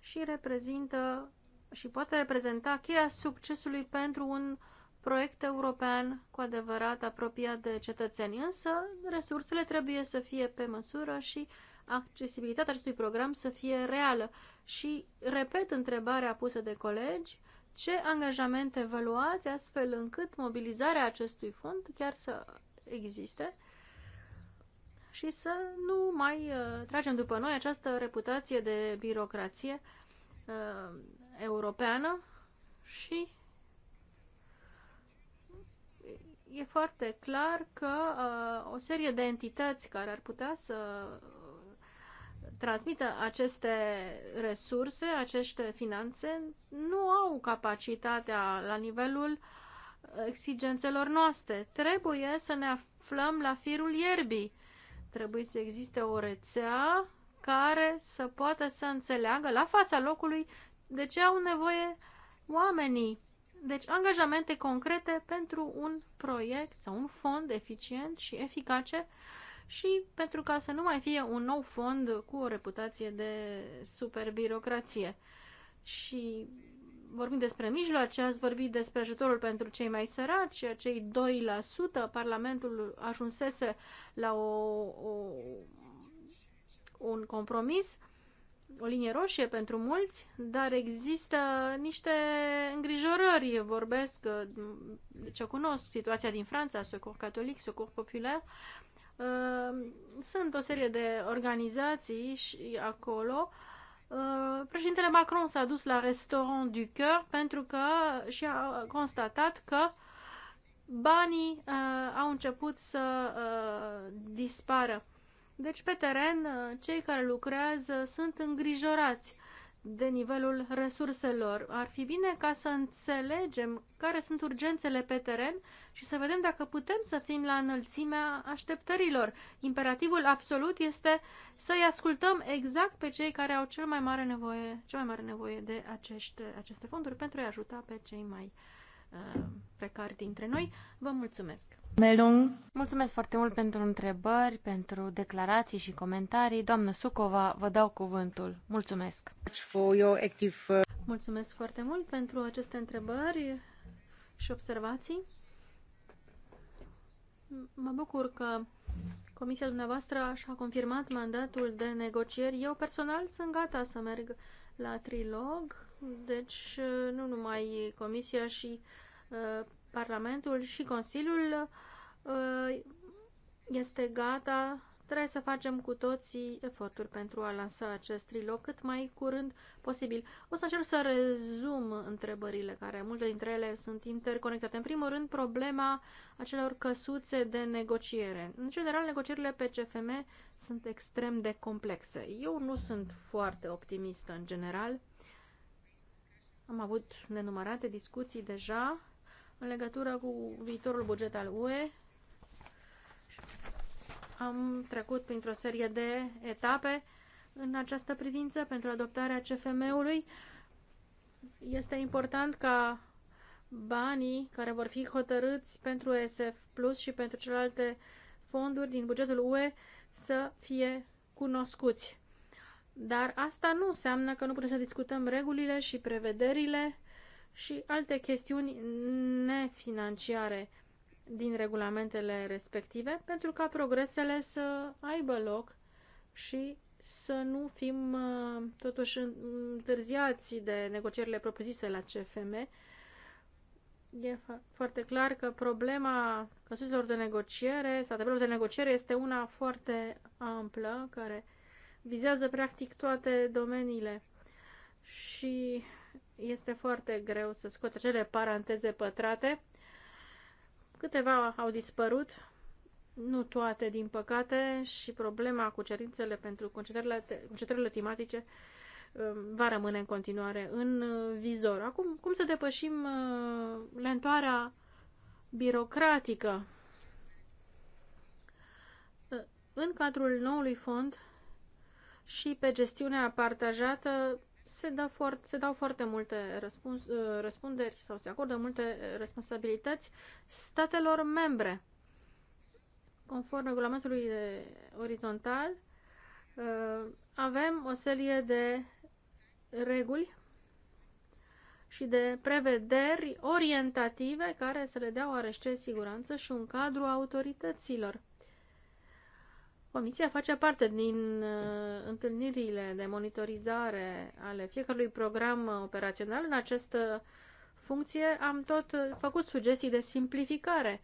și reprezintă și poate reprezenta cheia succesului pentru un proiect european cu adevărat apropiat de cetățeni, însă resursele trebuie să fie pe măsură și accesibilitatea acestui program să fie reală. Și repet întrebarea pusă de colegi, ce angajamente vă luați astfel încât mobilizarea acestui fond chiar să existe și să nu mai uh, tragem după noi această reputație de birocrație uh, europeană și e foarte clar că uh, o serie de entități care ar putea să transmită aceste resurse, aceste finanțe, nu au capacitatea la nivelul exigențelor noastre. Trebuie să ne aflăm la firul ierbii. Trebuie să existe o rețea care să poată să înțeleagă la fața locului de ce au nevoie oamenii. Deci angajamente concrete pentru un proiect sau un fond eficient și eficace și pentru ca să nu mai fie un nou fond cu o reputație de superbirocrație. Și vorbim despre mijloace, ați vorbit despre ajutorul pentru cei mai săraci, cei 2%, Parlamentul ajunsese la o, o, un compromis, o linie roșie pentru mulți, dar există niște îngrijorări. Vorbesc, ce deci eu cunosc situația din Franța, Secours Catolic, Secours Popular, Ehm, sunt o serie de organizații și acolo. Ehm, președintele Macron s-a dus la Restaurant du Coeur pentru că și-a constatat că banii eh, au început să eh, dispară. Deci, pe teren, eh, cei care lucrează sunt îngrijorați de nivelul resurselor. Ar fi bine ca să înțelegem care sunt urgențele pe teren și să vedem dacă putem să fim la înălțimea așteptărilor. Imperativul absolut este să-i ascultăm exact pe cei care au cel mai mare nevoie, cea mai mare nevoie de acești, aceste fonduri pentru a-i ajuta pe cei mai uh, Uh, precari dintre noi. Vă mulțumesc! Melung. Mulțumesc foarte mult pentru întrebări, pentru declarații și comentarii. Doamnă Sucova, vă dau cuvântul. Mulțumesc! Uh, mulțumesc foarte mult pentru aceste întrebări și observații. Mă bucur că comisia dumneavoastră și-a confirmat mandatul de negocieri. Eu personal sunt gata să merg la trilog deci, uh, nu numai Comisia și uh, Parlamentul și Consiliul uh, este gata. Trebuie să facem cu toții eforturi pentru a lansa acest trilog cât mai curând posibil. O să încerc să rezum întrebările, care multe dintre ele sunt interconectate. În primul rând, problema acelor căsuțe de negociere. În general, negocierile pe CFM sunt extrem de complexe. Eu nu sunt foarte optimistă în general am avut nenumărate discuții deja în legătură cu viitorul buget al UE. Am trecut printr-o serie de etape în această privință pentru adoptarea CFM-ului. Este important ca banii care vor fi hotărâți pentru SF Plus și pentru celelalte fonduri din bugetul UE să fie cunoscuți. Dar asta nu înseamnă că nu putem să discutăm regulile și prevederile și alte chestiuni nefinanciare din regulamentele respective pentru ca progresele să aibă loc și să nu fim uh, totuși întârziați de negocierile propriu la CFM. E foarte clar că problema căsuților de negociere sau de de negociere este una foarte amplă care vizează practic toate domeniile și este foarte greu să scot acele paranteze pătrate. Câteva au dispărut, nu toate, din păcate, și problema cu cerințele pentru concentrările, tematice um, va rămâne în continuare în uh, vizor. Acum, cum să depășim uh, lentoarea birocratică? Uh, în cadrul noului fond și pe gestiunea partajată se, dă foarte, se dau foarte multe răspuns, uh, răspunderi sau se acordă multe responsabilități statelor membre. Conform regulamentului orizontal, uh, avem o serie de reguli și de prevederi orientative care să le dea oarește siguranță și un cadru autorităților. Comisia face parte din uh, întâlnirile de monitorizare ale fiecărui program operațional. În această funcție am tot făcut sugestii de simplificare.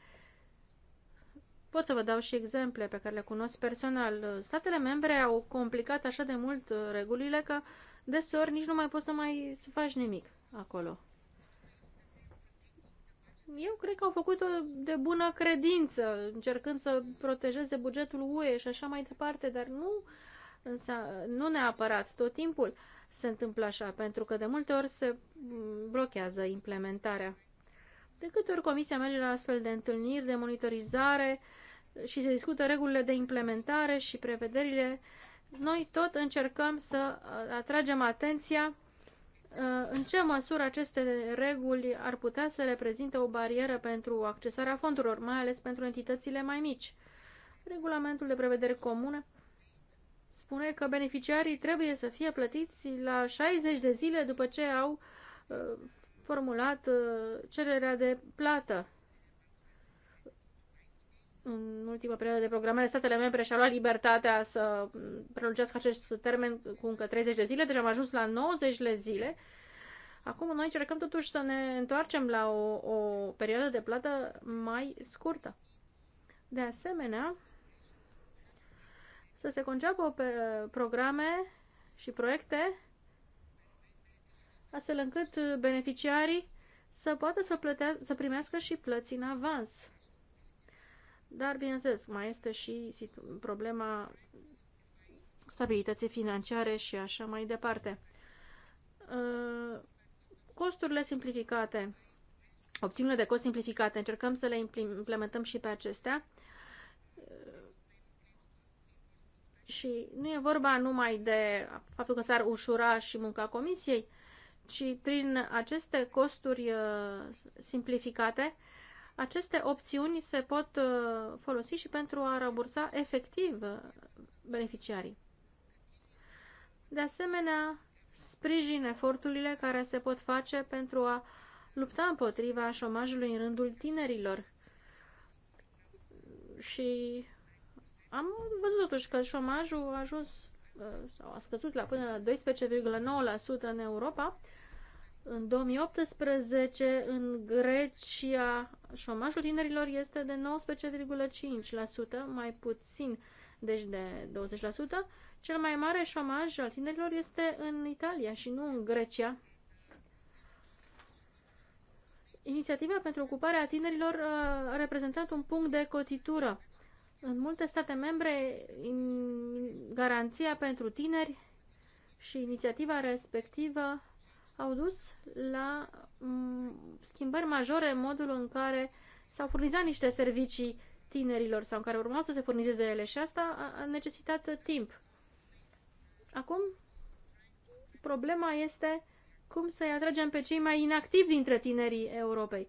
Pot să vă dau și exemple pe care le cunosc personal. Statele membre au complicat așa de mult uh, regulile că deseori nici nu mai poți să mai faci nimic acolo eu cred că au făcut-o de bună credință, încercând să protejeze bugetul UE și așa mai departe, dar nu, însă, nu neapărat tot timpul se întâmplă așa, pentru că de multe ori se blochează implementarea. De câte ori Comisia merge la astfel de întâlniri, de monitorizare și se discută regulile de implementare și prevederile, noi tot încercăm să atragem atenția Uh, în ce măsură aceste reguli ar putea să reprezinte o barieră pentru accesarea fondurilor, mai ales pentru entitățile mai mici? Regulamentul de prevedere comune spune că beneficiarii trebuie să fie plătiți la 60 de zile după ce au uh, formulat uh, cererea de plată în ultima perioadă de programare, statele membre și-au luat libertatea să prelungească acest termen cu încă 30 de zile, deci am ajuns la 90 de zile. Acum noi încercăm totuși să ne întoarcem la o, o perioadă de plată mai scurtă. De asemenea, să se conceapă programe și proiecte astfel încât beneficiarii să poată să, plătea, să primească și plăți în avans. Dar, bineînțeles, mai este și problema stabilității financiare și așa mai departe. Uh, costurile simplificate, opțiunile de cost simplificate, încercăm să le implementăm și pe acestea. Uh, și nu e vorba numai de faptul că s-ar ușura și munca comisiei, ci prin aceste costuri uh, simplificate aceste opțiuni se pot uh, folosi și pentru a rambursa efectiv uh, beneficiarii. De asemenea, sprijin eforturile care se pot face pentru a lupta împotriva șomajului în rândul tinerilor. Și am văzut totuși că șomajul a ajuns uh, sau a scăzut la până la 12,9% în Europa, în 2018, în Grecia, șomajul tinerilor este de 19,5%, mai puțin, deci de 20%. Cel mai mare șomaj al tinerilor este în Italia și nu în Grecia. Inițiativa pentru ocuparea tinerilor uh, a reprezentat un punct de cotitură. În multe state membre, garanția pentru tineri și inițiativa respectivă au dus la mm, schimbări majore în modul în care s-au furnizat niște servicii tinerilor sau în care urmau să se furnizeze ele și asta a necesitat timp. Acum, problema este cum să-i atragem pe cei mai inactivi dintre tinerii Europei.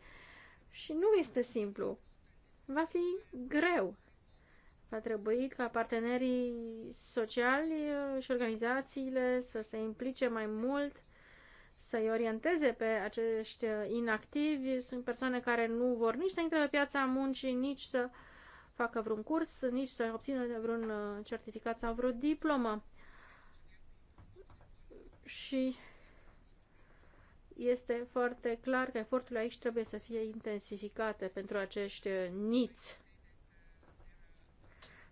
Și nu este simplu. Va fi greu. Va trebui ca partenerii sociali și organizațiile să se implice mai mult să-i orienteze pe acești uh, inactivi. Sunt persoane care nu vor nici să intre pe piața muncii, nici să facă vreun curs, nici să obțină vreun uh, certificat sau vreo diplomă. Și este foarte clar că efortul aici trebuie să fie intensificate pentru acești uh, niți.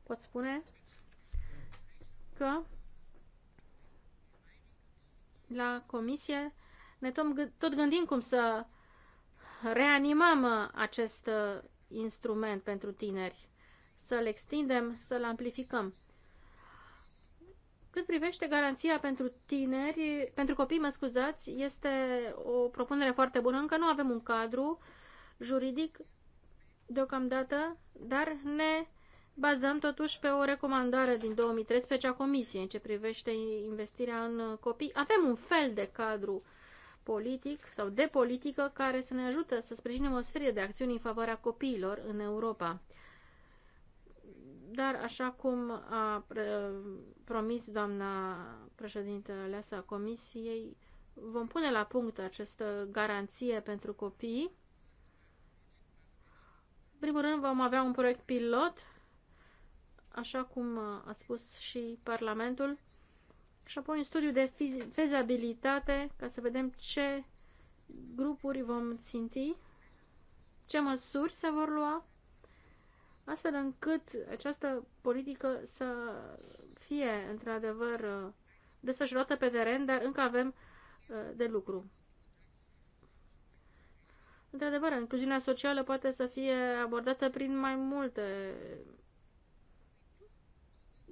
Pot spune că la comisie ne tot gândim cum să reanimăm uh, acest uh, instrument pentru tineri, să-l extindem, să-l amplificăm. Cât privește garanția pentru tineri, pentru copii, mă scuzați, este o propunere foarte bună. Încă nu avem un cadru juridic deocamdată, dar ne bazăm totuși pe o recomandare din 2013 a Comisiei în ce privește investirea în copii. Avem un fel de cadru uh, politic sau de politică care să ne ajută să sprijinim o serie de acțiuni în favoarea copiilor în Europa. Dar, așa cum a promis doamna președintă aleasă a Comisiei, vom pune la punct această garanție pentru copii. În primul rând, vom avea un proiect pilot, așa cum a spus și Parlamentul, și apoi un studiu de fezabilitate ca să vedem ce grupuri vom ținti, ce măsuri se vor lua, astfel încât această politică să fie într-adevăr uh, desfășurată pe teren, dar încă avem uh, de lucru. Într-adevăr, incluziunea socială poate să fie abordată prin mai multe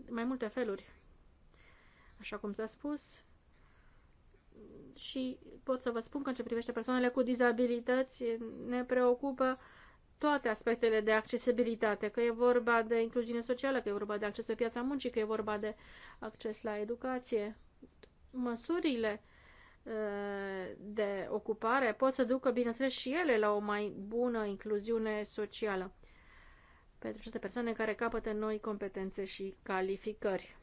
mai multe feluri așa cum s-a spus, și pot să vă spun că în ce privește persoanele cu dizabilități ne preocupă toate aspectele de accesibilitate, că e vorba de incluziune socială, că e vorba de acces pe piața muncii, că e vorba de acces la educație. Măsurile ă, de ocupare pot să ducă, bineînțeles, și ele la o mai bună incluziune socială pentru aceste persoane care capătă noi competențe și calificări.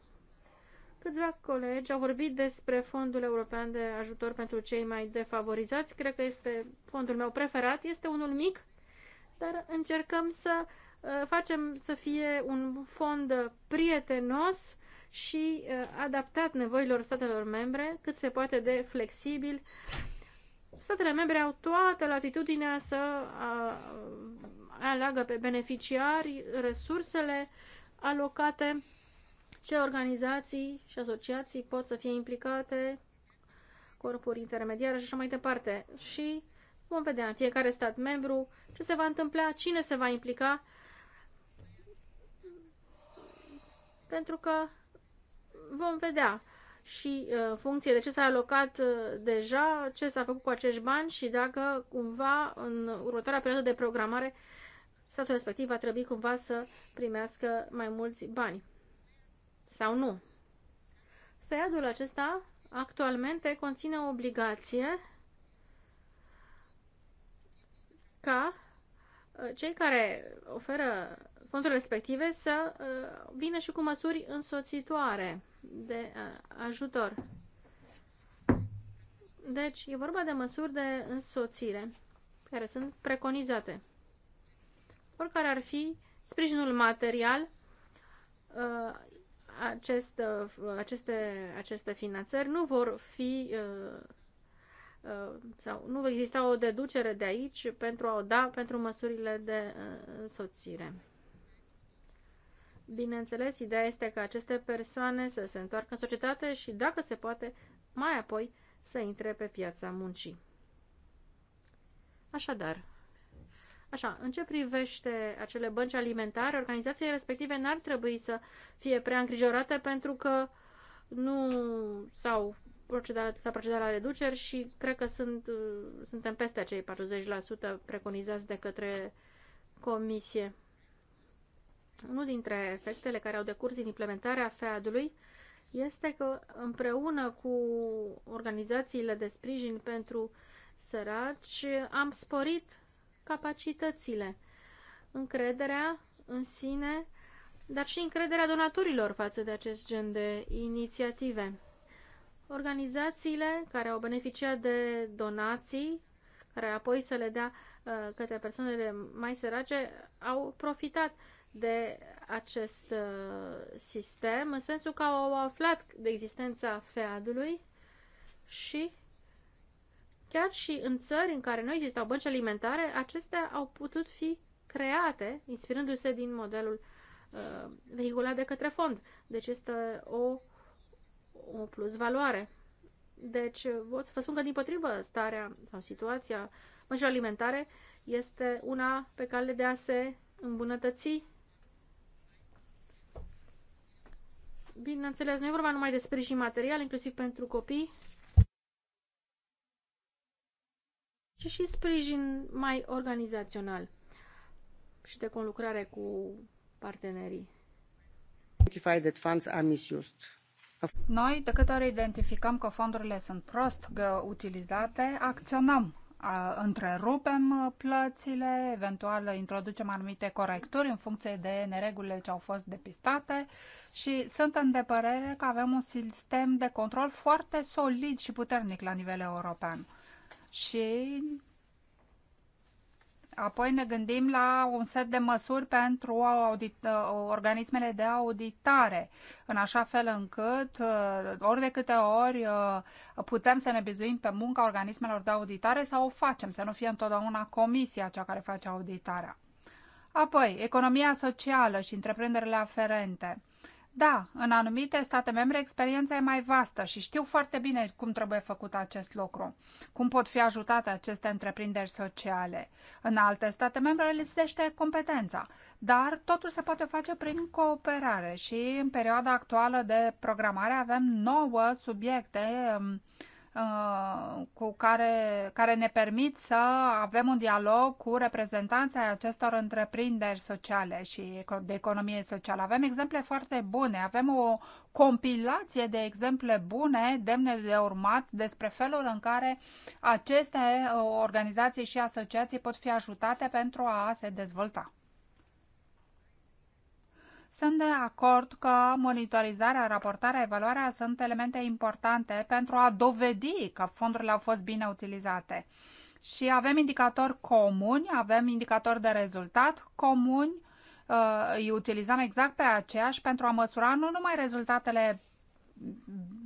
Câțiva colegi au vorbit despre Fondul European de Ajutor pentru cei mai defavorizați. Cred că este fondul meu preferat. Este unul mic, dar încercăm să uh, facem să fie un fond prietenos și uh, adaptat nevoilor statelor membre, cât se poate de flexibil. Statele membre au toată latitudinea să uh, aleagă pe beneficiari resursele alocate ce organizații și asociații pot să fie implicate, corpuri intermediare și așa mai departe. Și vom vedea în fiecare stat membru ce se va întâmpla, cine se va implica, pentru că vom vedea și uh, în funcție de ce s-a alocat uh, deja, ce s-a făcut cu acești bani și dacă cumva în următoarea perioadă de programare statul respectiv va trebui cumva să primească mai mulți bani sau nu. Feadul acesta actualmente conține o obligație ca uh, cei care oferă fondurile respective să uh, vină și cu măsuri însoțitoare de uh, ajutor. Deci, e vorba de măsuri de însoțire care sunt preconizate. Oricare ar fi sprijinul material acest, uh, aceste, aceste finanțări nu vor fi uh, uh, sau nu va exista o deducere de aici pentru a o da pentru măsurile de însoțire. Bineînțeles, ideea este că aceste persoane să se întoarcă în societate și, dacă se poate, mai apoi să intre pe piața muncii. Așadar, Așa, în ce privește acele bănci alimentare, organizațiile respective n-ar trebui să fie prea îngrijorate pentru că nu s-au procedat, s-a procedat la reduceri și cred că sunt, uh, suntem peste acei 40% preconizați de către comisie. Unul dintre efectele care au decurs din implementarea FEAD-ului este că împreună cu organizațiile de sprijin pentru săraci am sporit capacitățile, încrederea în sine, dar și încrederea donatorilor față de acest gen de inițiative. Organizațiile care au beneficiat de donații, care apoi să le dea uh, către persoanele mai sărace, au profitat de acest uh, sistem, în sensul că au aflat de existența FEAD-ului și Chiar și în țări în care nu existau bănci alimentare, acestea au putut fi create, inspirându-se din modelul uh, vehiculat de către fond. Deci este o, o plus valoare. Deci pot să vă spun că, din potrivă, starea sau situația băncilor alimentare este una pe cale de a se îmbunătăți. Bineînțeles, nu e vorba numai de sprijin material, inclusiv pentru copii, ci și sprijin mai organizațional și de conlucrare cu partenerii. Noi, de câte ori identificăm că fondurile sunt prost utilizate, acționăm întrerupem uh, plățile, eventual introducem anumite corecturi în funcție de neregulile ce au fost depistate și suntem de părere că avem un sistem de control foarte solid și puternic la nivel european și apoi ne gândim la un set de măsuri pentru audit, uh, organismele de auditare, în așa fel încât uh, ori de câte ori uh, putem să ne bizuim pe munca organismelor de auditare sau o facem, să nu fie întotdeauna comisia cea care face auditarea. Apoi, economia socială și întreprinderile aferente. Da, în anumite state membre experiența e mai vastă și știu foarte bine cum trebuie făcut acest lucru, cum pot fi ajutate aceste întreprinderi sociale. În alte state membre lipsește competența, dar totul se poate face prin cooperare și în perioada actuală de programare avem nouă subiecte um, cu care, care ne permit să avem un dialog cu reprezentanța acestor întreprinderi sociale și de economie socială. Avem exemple foarte bune, avem o compilație de exemple bune, demne de urmat, despre felul în care aceste uh, organizații și asociații pot fi ajutate pentru a se dezvolta. Sunt de acord că monitorizarea, raportarea, evaluarea sunt elemente importante pentru a dovedi că fondurile au fost bine utilizate. Și avem indicatori comuni, avem indicatori de rezultat comuni, uh, îi utilizăm exact pe aceeași pentru a măsura nu numai rezultatele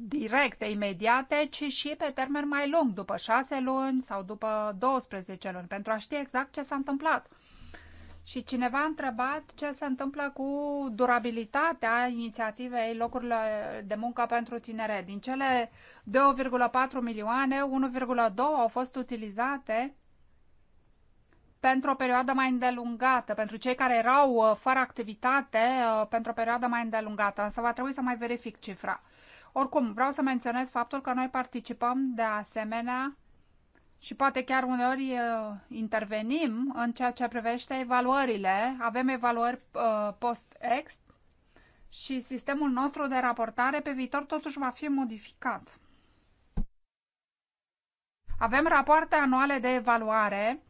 directe, imediate, ci și pe termen mai lung, după 6 luni sau după 12 luni, pentru a ști exact ce s-a întâmplat. Și cineva a întrebat ce se întâmplă cu durabilitatea inițiativei locurilor de muncă pentru tinere. Din cele 2,4 milioane, 1,2 au fost utilizate pentru o perioadă mai îndelungată, pentru cei care erau uh, fără activitate uh, pentru o perioadă mai îndelungată, însă va trebui să mai verific cifra. Oricum, vreau să menționez faptul că noi participăm de asemenea și poate chiar uneori uh, intervenim în ceea ce privește evaluările. Avem evaluări uh, post-ex și sistemul nostru de raportare pe viitor totuși va fi modificat. Avem rapoarte anuale de evaluare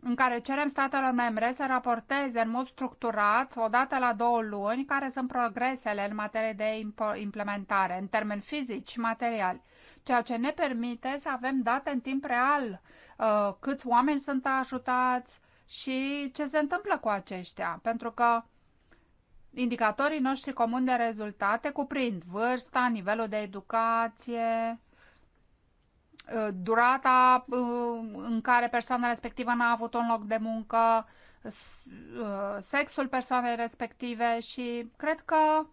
în care cerem statelor membre să raporteze în mod structurat, o dată la două luni, care sunt progresele în materie de implementare, în termeni fizici și materiali ceea ce ne permite să avem date în timp real, uh, câți oameni sunt ajutați și ce se întâmplă cu aceștia. Pentru că indicatorii noștri comuni de rezultate cuprind vârsta, nivelul de educație, uh, durata uh, în care persoana respectivă n-a avut un loc de muncă, sexul persoanei respective și cred că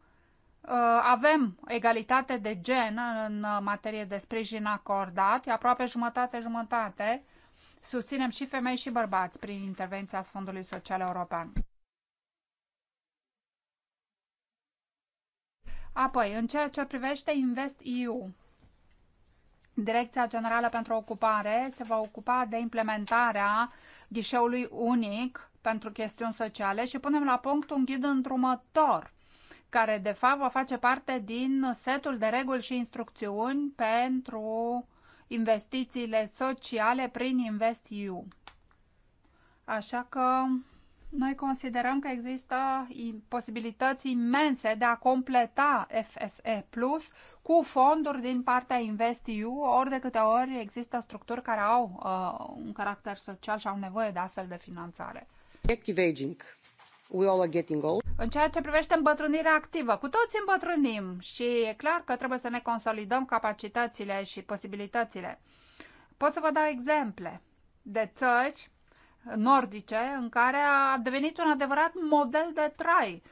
Uh, avem egalitate de gen în materie de sprijin acordat, e aproape jumătate-jumătate. Susținem și femei și bărbați prin intervenția Fondului Social European. Apoi, în ceea ce privește Invest EU, Direcția Generală pentru Ocupare se va ocupa de implementarea ghișeului unic pentru chestiuni sociale și punem la punct un ghid îndrumător care de fapt va face parte din setul de reguli și instrucțiuni pentru investițiile sociale prin InvestEU. Așa că noi considerăm că există posibilități imense de a completa FSE Plus cu fonduri din partea InvestEU, ori de câte ori există structuri care au uh, un caracter social și au nevoie de astfel de finanțare. Active aging we all are getting old. În ceea ce privește îmbătrânirea activă, cu toți îmbătrânim și e clar că trebuie să ne consolidăm capacitățile și posibilitățile. Pot să vă dau exemple de țări nordice în care a devenit un adevărat model de trai.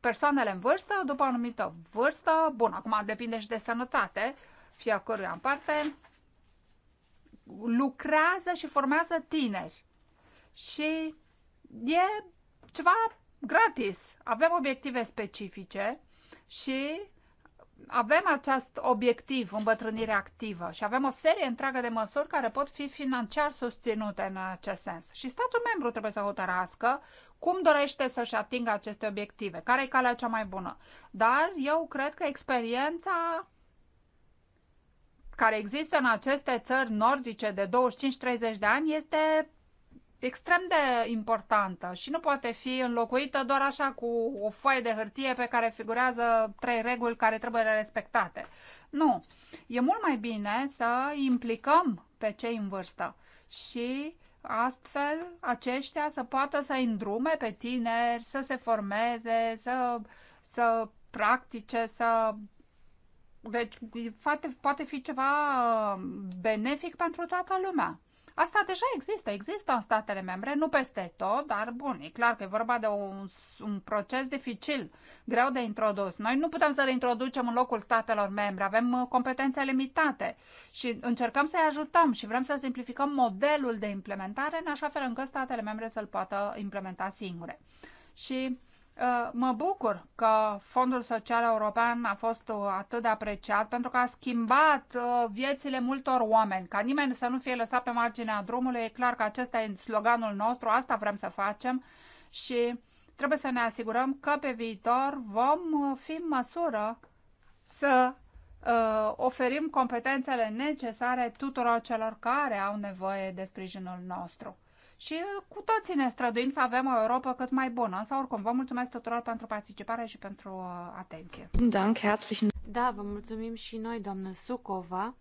Persoanele în vârstă, după o anumită vârstă, bun, acum depinde și de sănătate, fiecăruia în parte, lucrează și formează tineri. Și e ceva gratis. Avem obiective specifice și avem acest obiectiv, îmbătrânire activă și avem o serie întreagă de măsuri care pot fi financiar susținute în acest sens. Și statul membru trebuie să hotărască cum dorește să-și atingă aceste obiective, care e calea cea mai bună. Dar eu cred că experiența care există în aceste țări nordice de 25-30 de ani este extrem de importantă și nu poate fi înlocuită doar așa cu o foaie de hârtie pe care figurează trei reguli care trebuie respectate. Nu. E mult mai bine să implicăm pe cei în vârstă și astfel aceștia să poată să îndrume pe tineri, să se formeze, să, să practice, să deci poate, poate fi ceva benefic pentru toată lumea. Asta deja există, există în statele membre, nu peste tot, dar bun, e clar că e vorba de un, un proces dificil, greu de introdus. Noi nu putem să le introducem în locul statelor membre, avem uh, competențe limitate și încercăm să-i ajutăm și vrem să simplificăm modelul de implementare în așa fel încât statele membre să-l poată implementa singure. Și Ă, mă bucur că Fondul Social European a fost uh, atât de apreciat pentru că a schimbat uh, viețile multor oameni. Ca nimeni să nu fie lăsat pe marginea drumului, e clar că acesta e sloganul nostru, asta vrem să facem și trebuie să ne asigurăm că pe viitor vom uh, fi în măsură să oferim competențele necesare tuturor celor care au nevoie de sprijinul nostru și uh, cu toții ne străduim să avem o Europa cât mai bună. Însă, oricum, vă mulțumesc tuturor pentru participare și pentru uh, atenție. Da, vă mulțumim și noi, doamnă Sucova.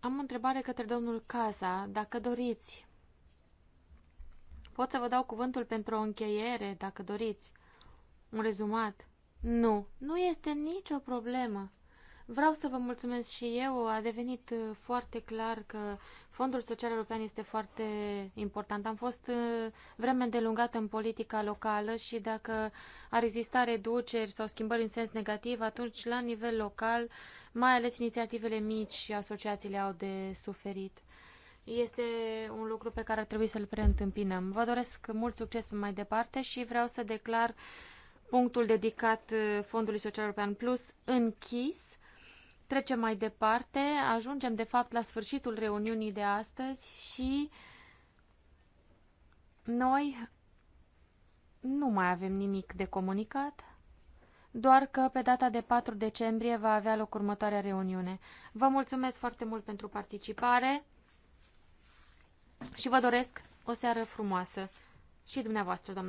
Am o întrebare către domnul Casa, dacă doriți. Pot să vă dau cuvântul pentru o încheiere, dacă doriți. Un rezumat. Nu, nu este nicio problemă. Vreau să vă mulțumesc și eu. A devenit uh, foarte clar că Fondul Social European este foarte important. Am fost uh, vreme îndelungată în politica locală și dacă ar exista reduceri sau schimbări în sens negativ, atunci la nivel local, mai ales inițiativele mici și asociațiile au de suferit. Este un lucru pe care ar trebui să-l preîntâmpinăm. Vă doresc mult succes pe mai departe și vreau să declar punctul dedicat uh, Fondului Social European Plus închis. Trecem mai departe, ajungem de fapt la sfârșitul reuniunii de astăzi și noi nu mai avem nimic de comunicat, doar că pe data de 4 decembrie va avea loc următoarea reuniune. Vă mulțumesc foarte mult pentru participare și vă doresc o seară frumoasă și dumneavoastră, doamnă.